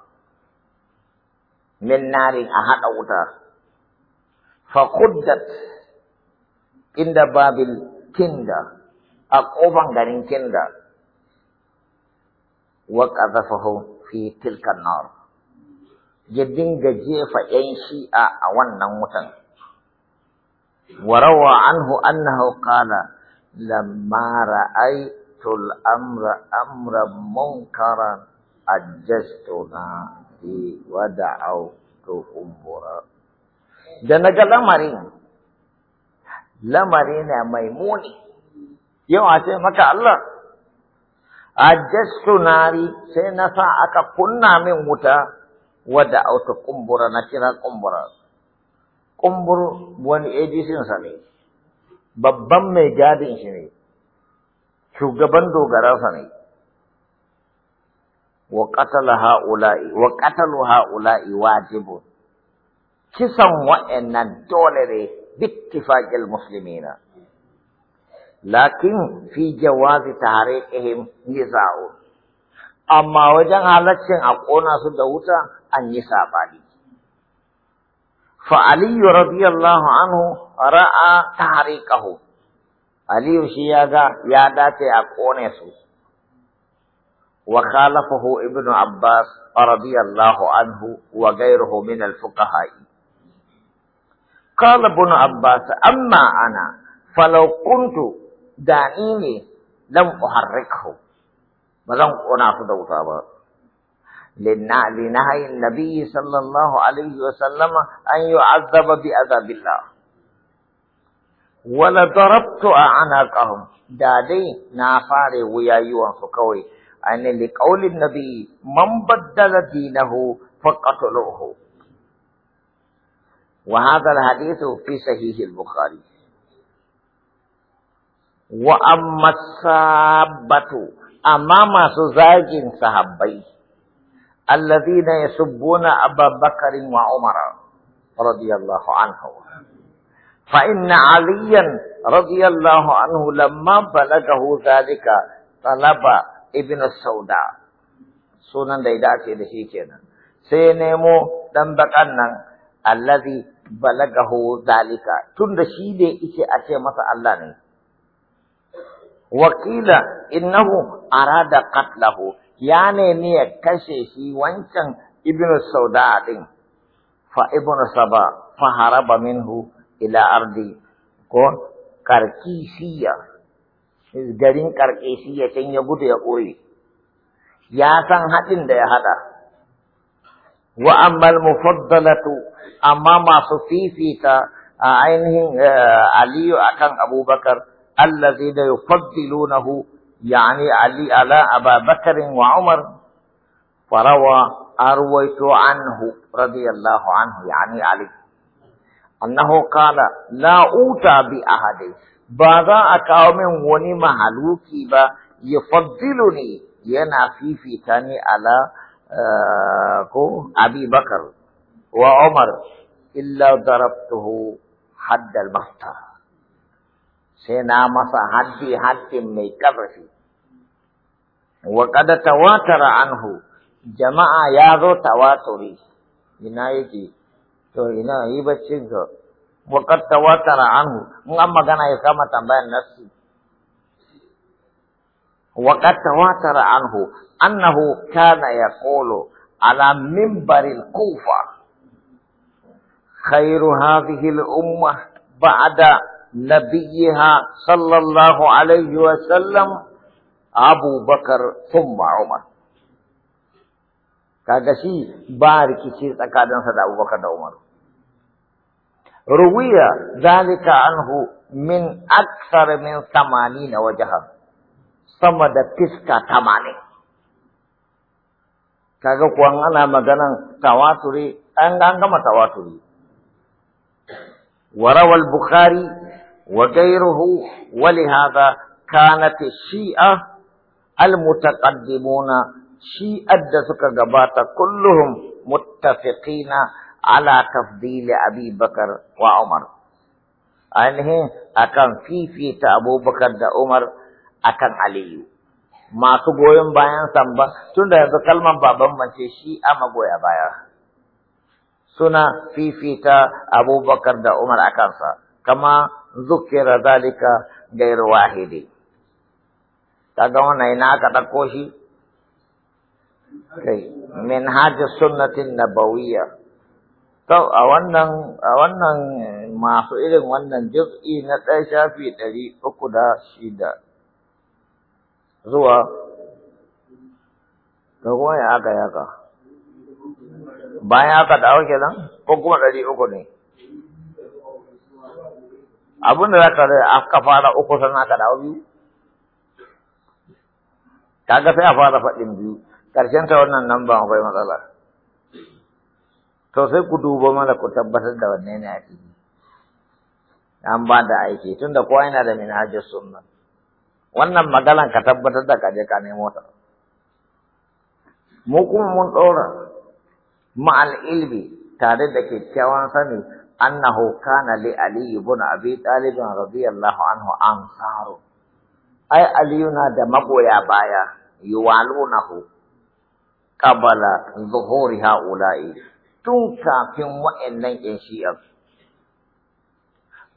من نار أحد أوتا فخدت عند باب الكندا أقوبان غارين كندا وقذفه في تلك النار جدين جيفا ينشي أعوان نموتا وروى عنه أنه قال لما رأيت الأمر أمر منكرا أجزت rabbi wa da'awtu qubura da naga lamarin lamari na mai muni yau a ce maka Allah a nari sai na sa aka kunna min wuta wadda auta kumbura na kira kumbura kumbur wani agency sa ne babban mai gadin shi ne shugaban dogaransa ne wa qatala haula'i wajibu. kisan wa'annan dole ne bittifaqil muslimina lakin fi jawazi tariqihim nisa'un amma wajen halaccin a ƙona su da wuta an yi saɓani. Fa'aliyu radiyallahu anhu ra'a ta hariƙahu, Aliyu shi ya ga ya dace a ƙone su, وخالفه ابن عباس رضي الله عنه وغيره من الفقهاء قال ابن عباس أما أنا فلو كنت دانيني لم أحركه ولم أنافذ وطابا لنهي النبي صلى الله عليه وسلم أن يعذب بأذاب الله ولا ضربت أعناقهم دادي نافاري ويايوان فكوي يعني لقول النبي من بدل دينه فقتلوه وهذا الحديث في صحيح البخاري وأما السابة أمام سزاج صحابي الذين يسبون أبا بكر وعمر رضي الله عنه فإن عليا رضي الله عنه لما بلغه ذلك طلب ibn sauda sunan da ya dace da shi kenan sai nemo dan bakan nan allazi balagahu zalika tunda shi da yake a ce masa Allah ne wakila innahu arada qatlahu ya nemi ya kashe shi wancan ibn sauda din fa ibn saba fa haraba minhu ila ardi ko karkisiya garin karkesi ya can ya gudu ya ɓoye ya san haɗin da ya haɗa wa ammal mufaddalatu amma masu fifita a ainihin eh, aliyu akan abubakar Allah zai da yufaddilunahu yani ali ala ababakarin wa umar farawa an anhu radiyallahu anhu yani ali annahu kala la'uta bi bi ahadin بازا اكاوم وني محلوكي با يفضلني ينا في في تاني على كو آه، ابي بكر وعمر الا ضربته حد المحتر سينا مسا حدي حدي ميكرفي وقد تواتر عنه جماعة يازو تواتري ينايكي تو ينا يبتشنك وقد تواتر عنه اما كان كما تنبه النفس وقد تواتر عنه انه كان يقول على منبر الكوفه خير هذه الامه بعد نبيها صلى الله عليه وسلم ابو بكر ثم عمر كاغشي بارك شيء تكادن ابو بكر عمر ruwiya zalika anhu min aktsar min samani na wajaha sama da kiska tamani kaga ko an ana magana tawaturi an dan gama tawaturi wa rawal bukhari wa gairuhu wa li shi'a al mutaqaddimuna shi'a da suka gabata kulluhum muttafiqina ala tafdili abi bakar wa umar ainihin akan fifita abubakar da umar akan aliyu masu goyon bayan samba tun da yanzu kalman baban mace shi a magoya baya suna fifita abubakar da umar a kansa kama zukira zalika gairu wahidi kaga wannan ina aka ɗauko shi kai min hajji sunnatin nabawiyya To, a ah, wannan, a ah, wannan eh, masu irin wannan juz'i na ɗaya shafi ɗari uku da shida zuwa, da kuma ya aka yaka. Bayan aka dawo kenan, ko kuma ɗari uku ne. Abin da za ka aka ah, fara uku sannan aka dawo biyu? Kaga sai a fara faɗin biyu, ƙarshen ta wannan nan ba akwai matsala. to sai ku duba mana ku tabbatar da wanne ne ake yi an ba da aiki tunda kowa yana da minhajus sunna wannan magana ka tabbatar da kaje ka nemo ta mu kuma mun ɗora ma'al ilmi tare da kyakkyawan sani annahu kana li ali ibn abi talib radiyallahu anhu ansaru ai ali na da magoya baya yuwalunahu qabala zuhuri ha'ula'i tun kafin wa'annan yan shi'ar.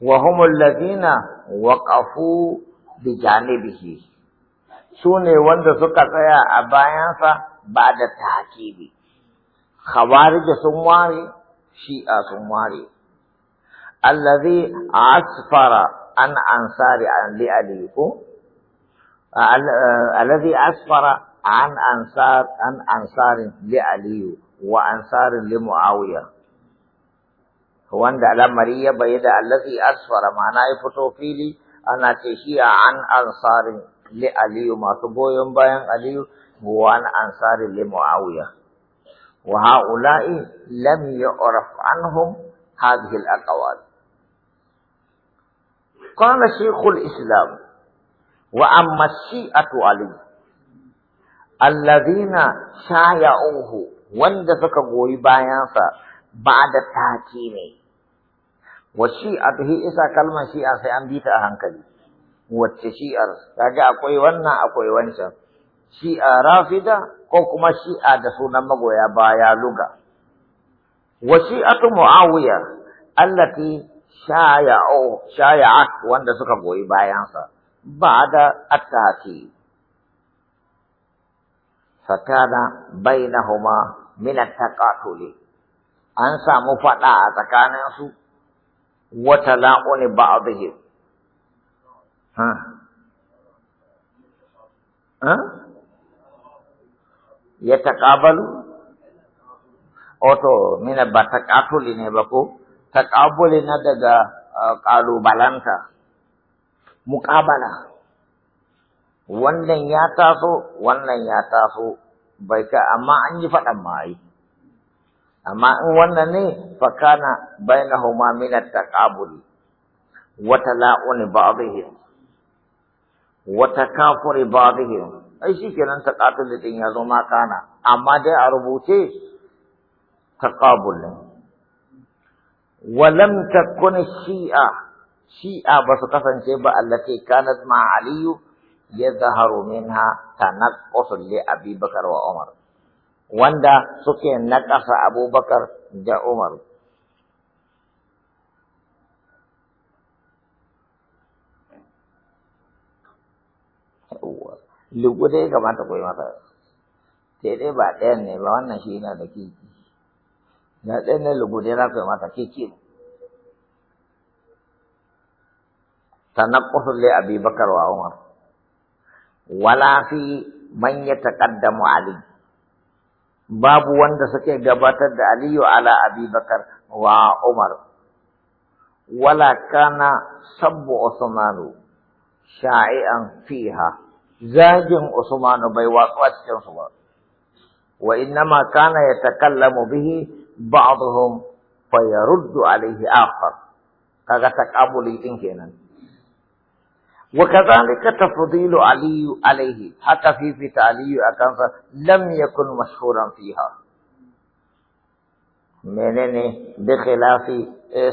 Wa humul ladina waqafu bi janibihi su ne wanda suka tsaya a bayansa ba da takibi. Khawarij sun ware, shi'a sun ware. Allazi asfara an ansari an li وأنصار لمعاوية wanda al'amari ya bayi da allazi asfara ma'ana ya fito fili ana ce shi an ansarin li aliyu masu goyon bayan aliyu wa an ansarin li muawiya wa haula'i lam yu'raf anhum hadhihi al-aqwal qala shaykhul islam wa amma shi'atu ali alladhina shaya'uhu wanda suka goyi bayansa ba da taki ne wa tuhi isa kalmar shi'a sai an bi ta a hankali wacce shi'ar kaga akwai wannan akwai wancan shi'a rafida ko kuma shi'a da sunan magoya baya luga wa shi'atu muawiya allati shaya'u shaya'a wanda suka goyi bayansa ba da attaki fakana bainahuma min taqatuli an samu faɗa a tsakanin su wa tala'uni ba'dihim ha ha ya taqabalu oto mina ba taqatuli ne ba ko taqabuli na daga kalubalanta muqabala wannan ya taso wannan ya taso bai ka amma an yi faɗan ma ai amma in wannan ne fa kana bainahuma min at-taqabul wa tala'un ba'dihim wa takafur ba'dihim ai shikenan taqatul din ya zo ma kana amma dai a rubuce taqabul ne wa lam takun shi'a shi'a ba su kasance ba allati kanat ma aliyu ta منها le abubakar wa Umar wanda suke nakasa abubakar da umar lugu dai kamata ku yi masa sai dai ba ɗayan ne ba wannan shi yana da kiki na ɗayan ne lugu dai na koyi mata masa ta tanakkusul li le bakar wa umar wala fi man yataqaddamu ali babu wanda suke gabatar da aliyu ala abi bakar wa umar wala kana sabbu usmanu sha'i'an fiha zagin usmanu bai watsu a cikin su ba wa ya kana yatakallamu bihi ba'dhum fa yaruddu alayhi akhar kaga takabuli din kenan وكذلك تفضيل علي عليه حتى في فت علي أكان لم يكن مشهورا فيها منين بخلاف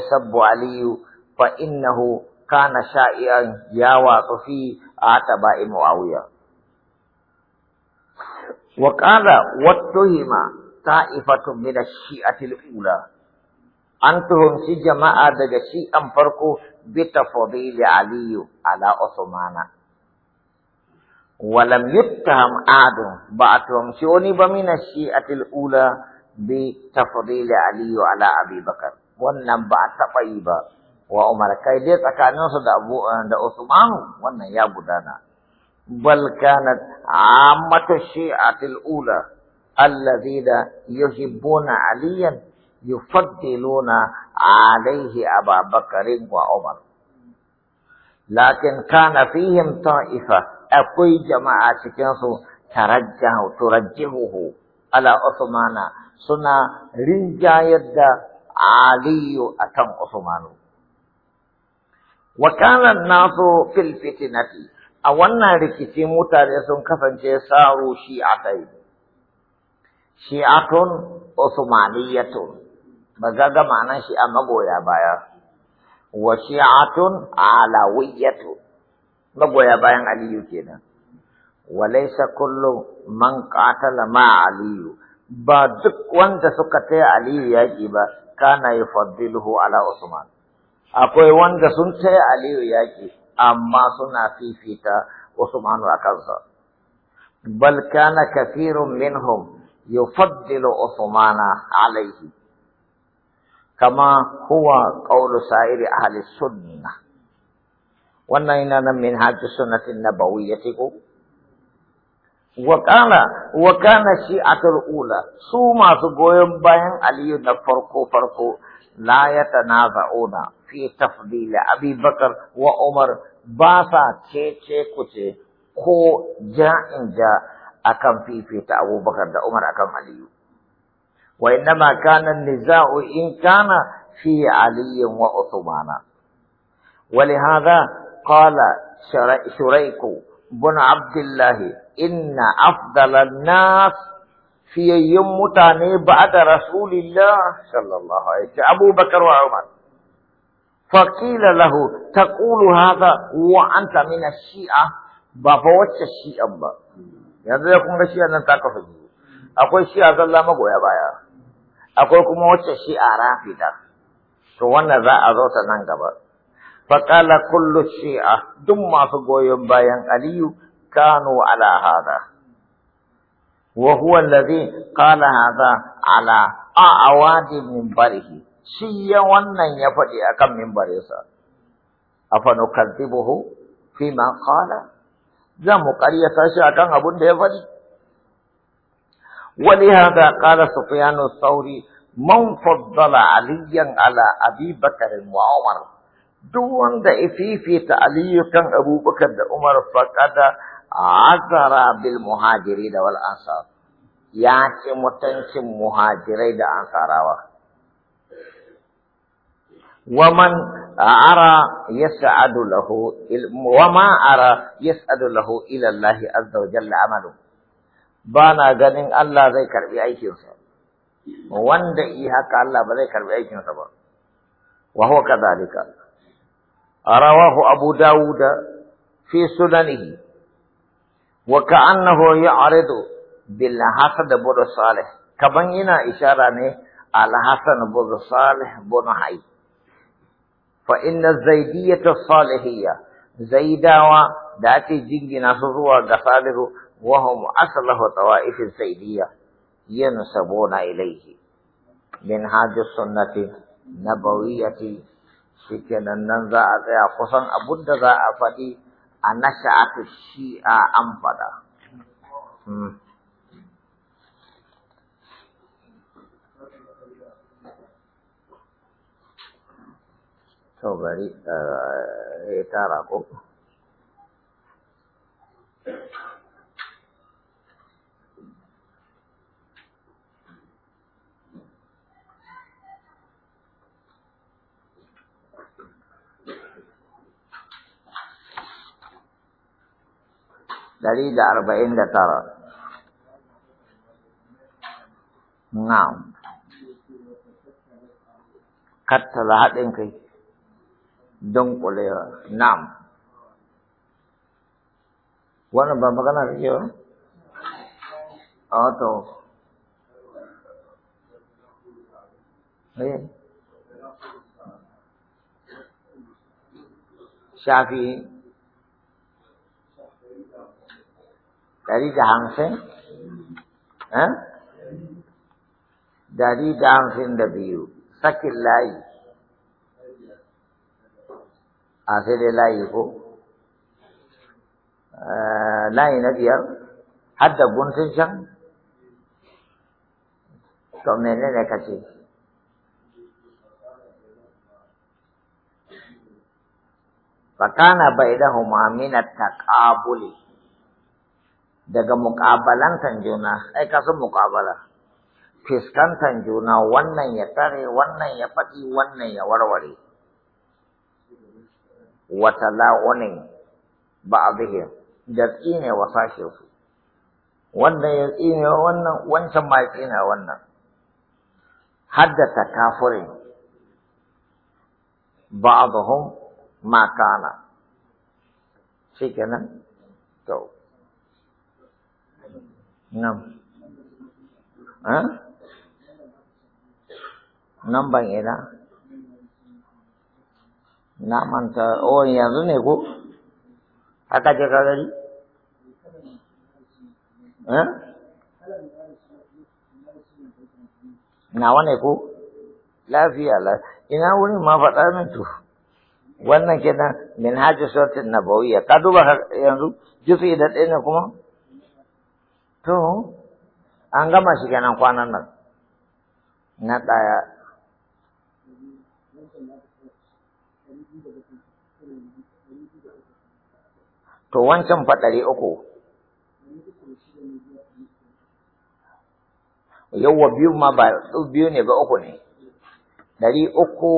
سب علي فإنه كان شائعا يا في عتباء معاوية وقال واتهم طائفة من الشيعة الأولى أنتهم سجماء جماعة دجشي أم فرقوا بتفضيل علي على عثمان ولم يتهم أحد بعدهم سيوني بمن الشيئة الأولى بتفضيل علي على أبي بكر ونم بعد تقيبا وعمر كيدية تكاني وصد أبو أند عثمان ون يا بدانا بل كانت عامة الشيعة الأولى الذين يحبون عليا yufaddiluna alaihi Aba Bakar wa Umar. Lakin kana fihim ta'ifa akwai jama'a cikin su tarajjahu turajjihuhu ala Uthmana suna rinjayar da aliyu a kan Uthmanu. Wakana nasu fil fitinati a wannan rikici mutane sun kasance saro shi a kai. Shi'atun Uthmaniyatun ba ga ma'anan shi a magoya baya wa shi'atun wiyatu magoya bayan aliyu kenan wa laysa kullu man qatala ma aliyu ba duk wanda suka taya aliyu yaki ba kana yafaddiluhu ala usman akwai wanda sun taya aliyu yaki amma suna fifita usman a kansa bal kana kathirun minhum yufaddilu usmana alaihi kama huwa qawlu sa'iri ahli sunnah wannan yana nan min hajji sunnatin nabawiyyati ko wa kana wa kana shi'atul ula su masu goyon bayan aliyu na farko farko la yatanaza'una fi tafdil abi bakar wa umar ba sa cece kuce ko ja'in ja akan fifita abubakar da umar akan aliyu وإنما كان النزاع إن كان في علي وعثمان ولهذا قال شريك بن عبد الله إن أفضل الناس في يوم متاني بعد رسول الله صلى الله عليه وسلم أبو بكر وعمر فقيل له تقول هذا وأنت من الشيعة بفوت الشيعة يعني من الشيعة أن تكفي akwai shi'a zalla magoya baya akwai kuma wacce shi'a rafida to wannan za a zo ta nan gaba qala kullu shi'a duk masu goyon bayan aliyu kanu ala hada wa huwa alladhi qala hada ala a'awadi minbarihi shi ya wannan ya faɗi akan mimbarinsa afa nukadhibuhu fi ma qala za mu ƙaryata shi akan abun da ya faɗi ولهذا قال سفيان الثوري من فضل عليا على ابي بكر وعمر دون في في تعليق ابو بكر وعمر فقد عذر بالمهاجرين والانصار يعني متنكم مهاجرين الانصار ومن أرى يسعد له وما أرى يسعد له إلى الله عز وجل عمله Bana ganin Allah zai karbi aikinsa wanda yi haka Allah ba zai karbi aikinsa ba wa huwa kadhalika rawahu abu dawud fi sunanihi wa ka'annahu ya'ridu bil hasan bin salih kaban yana ishara ne al hasan bin salih bin hayy fa inna zaidiyata salihiyya zaidawa da ake jingina su zuwa ga salihu وهم أصله طوائف الزيدية ينسبون إليه من هذه السنة النبوية شكنا ننزع ذا خصا أبد ذا أفدي أنشأت الشيعة أنفدا to bari ya tara ko ɗari da arba'in da tara. Na'am. Kattala haɗin kai don ƙulewa. Na'am. Wannan ba magana kake ba? A wato. Eh. Shafi ɗari da hamsin dari da hamsin da biyu sakin layi a ah, sai layi ko eh, layi na biyar har da guntun can to mene ne ka ce fakana bai da humamina ta ƙabuli daga muƙabalantan juna ai ka san muƙabala fiskantan juna wannan ya tare wannan ya faɗi wannan ya warware wata la'unin ba'dihim da tsine wa sashe su wannan ya tsine wannan wancan ma ya tsine wannan haddasa kafirin ba'dhum ma kana kenan, to Enam. Ha? Enam bang ina. Na manta, oh yanzu ne ko? Haka je ka gari? Hah? Nawa ne ko? Lafiya ala, Ina wurin ma faɗa min to. Wannan kenan min hajji sautin nabawiyya. Ka duba yanzu, jufi da ɗaya kuma? To, an gama shi kenan kwanan nan. Na ɗaya. To wancan fa ɗari uku. Yawwa biyu ma ba biyu ne ba uku ne. Ɗari uku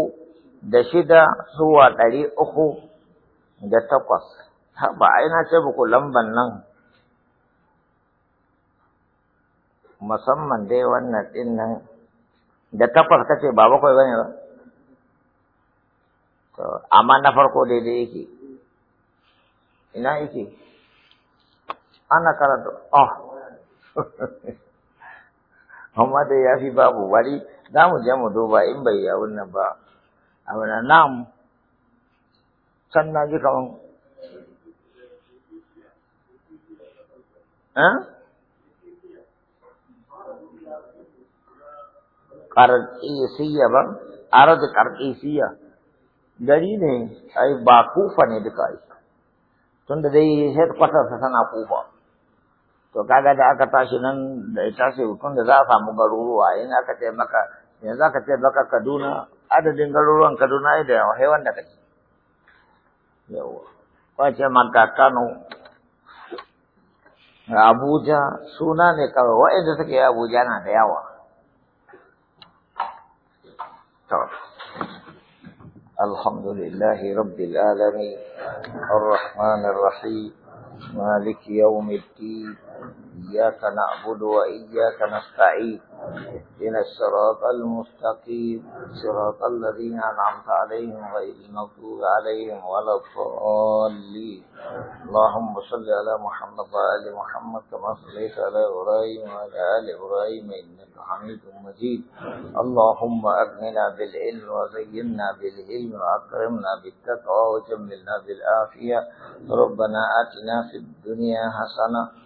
da shida zuwa ɗari uku da takwas. Ba, a na ce ku lamban nan musamman dai wannan ɗin nan da takwas kace ba bakwai bane ba to amma na farko daidai yake ina yake ana karatu? oh amma dai ya fi babu wari za mu je mu duba in bai ya wannan ba a na nam can na ji kaman eh ƙarƙisiyya ba arad ƙarƙisiyya gari ne ai ba kufa ne duka tun tunda dai headquarters tana kufa to kaga da aka tashi nan da ita ce tunda za a samu garuruwa in aka ce maka yanzu aka ce maka Kaduna adadin garuruwan Kaduna ai da yawa hewan ka kake yawa kwace maka Kano Abuja suna ne kawai wa'anda suke Abuja na da yawa طبعا. الحمد لله رب العالمين الرحمن الرحيم مالك يوم الدين إياك نعبد وإياك نستعين إن الصراط المستقيم صراط الذين أنعمت عليهم غير المغضوب عليهم ولا الضالين اللهم صل على محمد وآل محمد كما صليت على إبراهيم وعلى آل إبراهيم إنك حميد مجيد اللهم أغننا بالعلم وزينا بالعلم وأكرمنا بالتقوى وجملنا بالعافية ربنا آتنا في الدنيا حسنة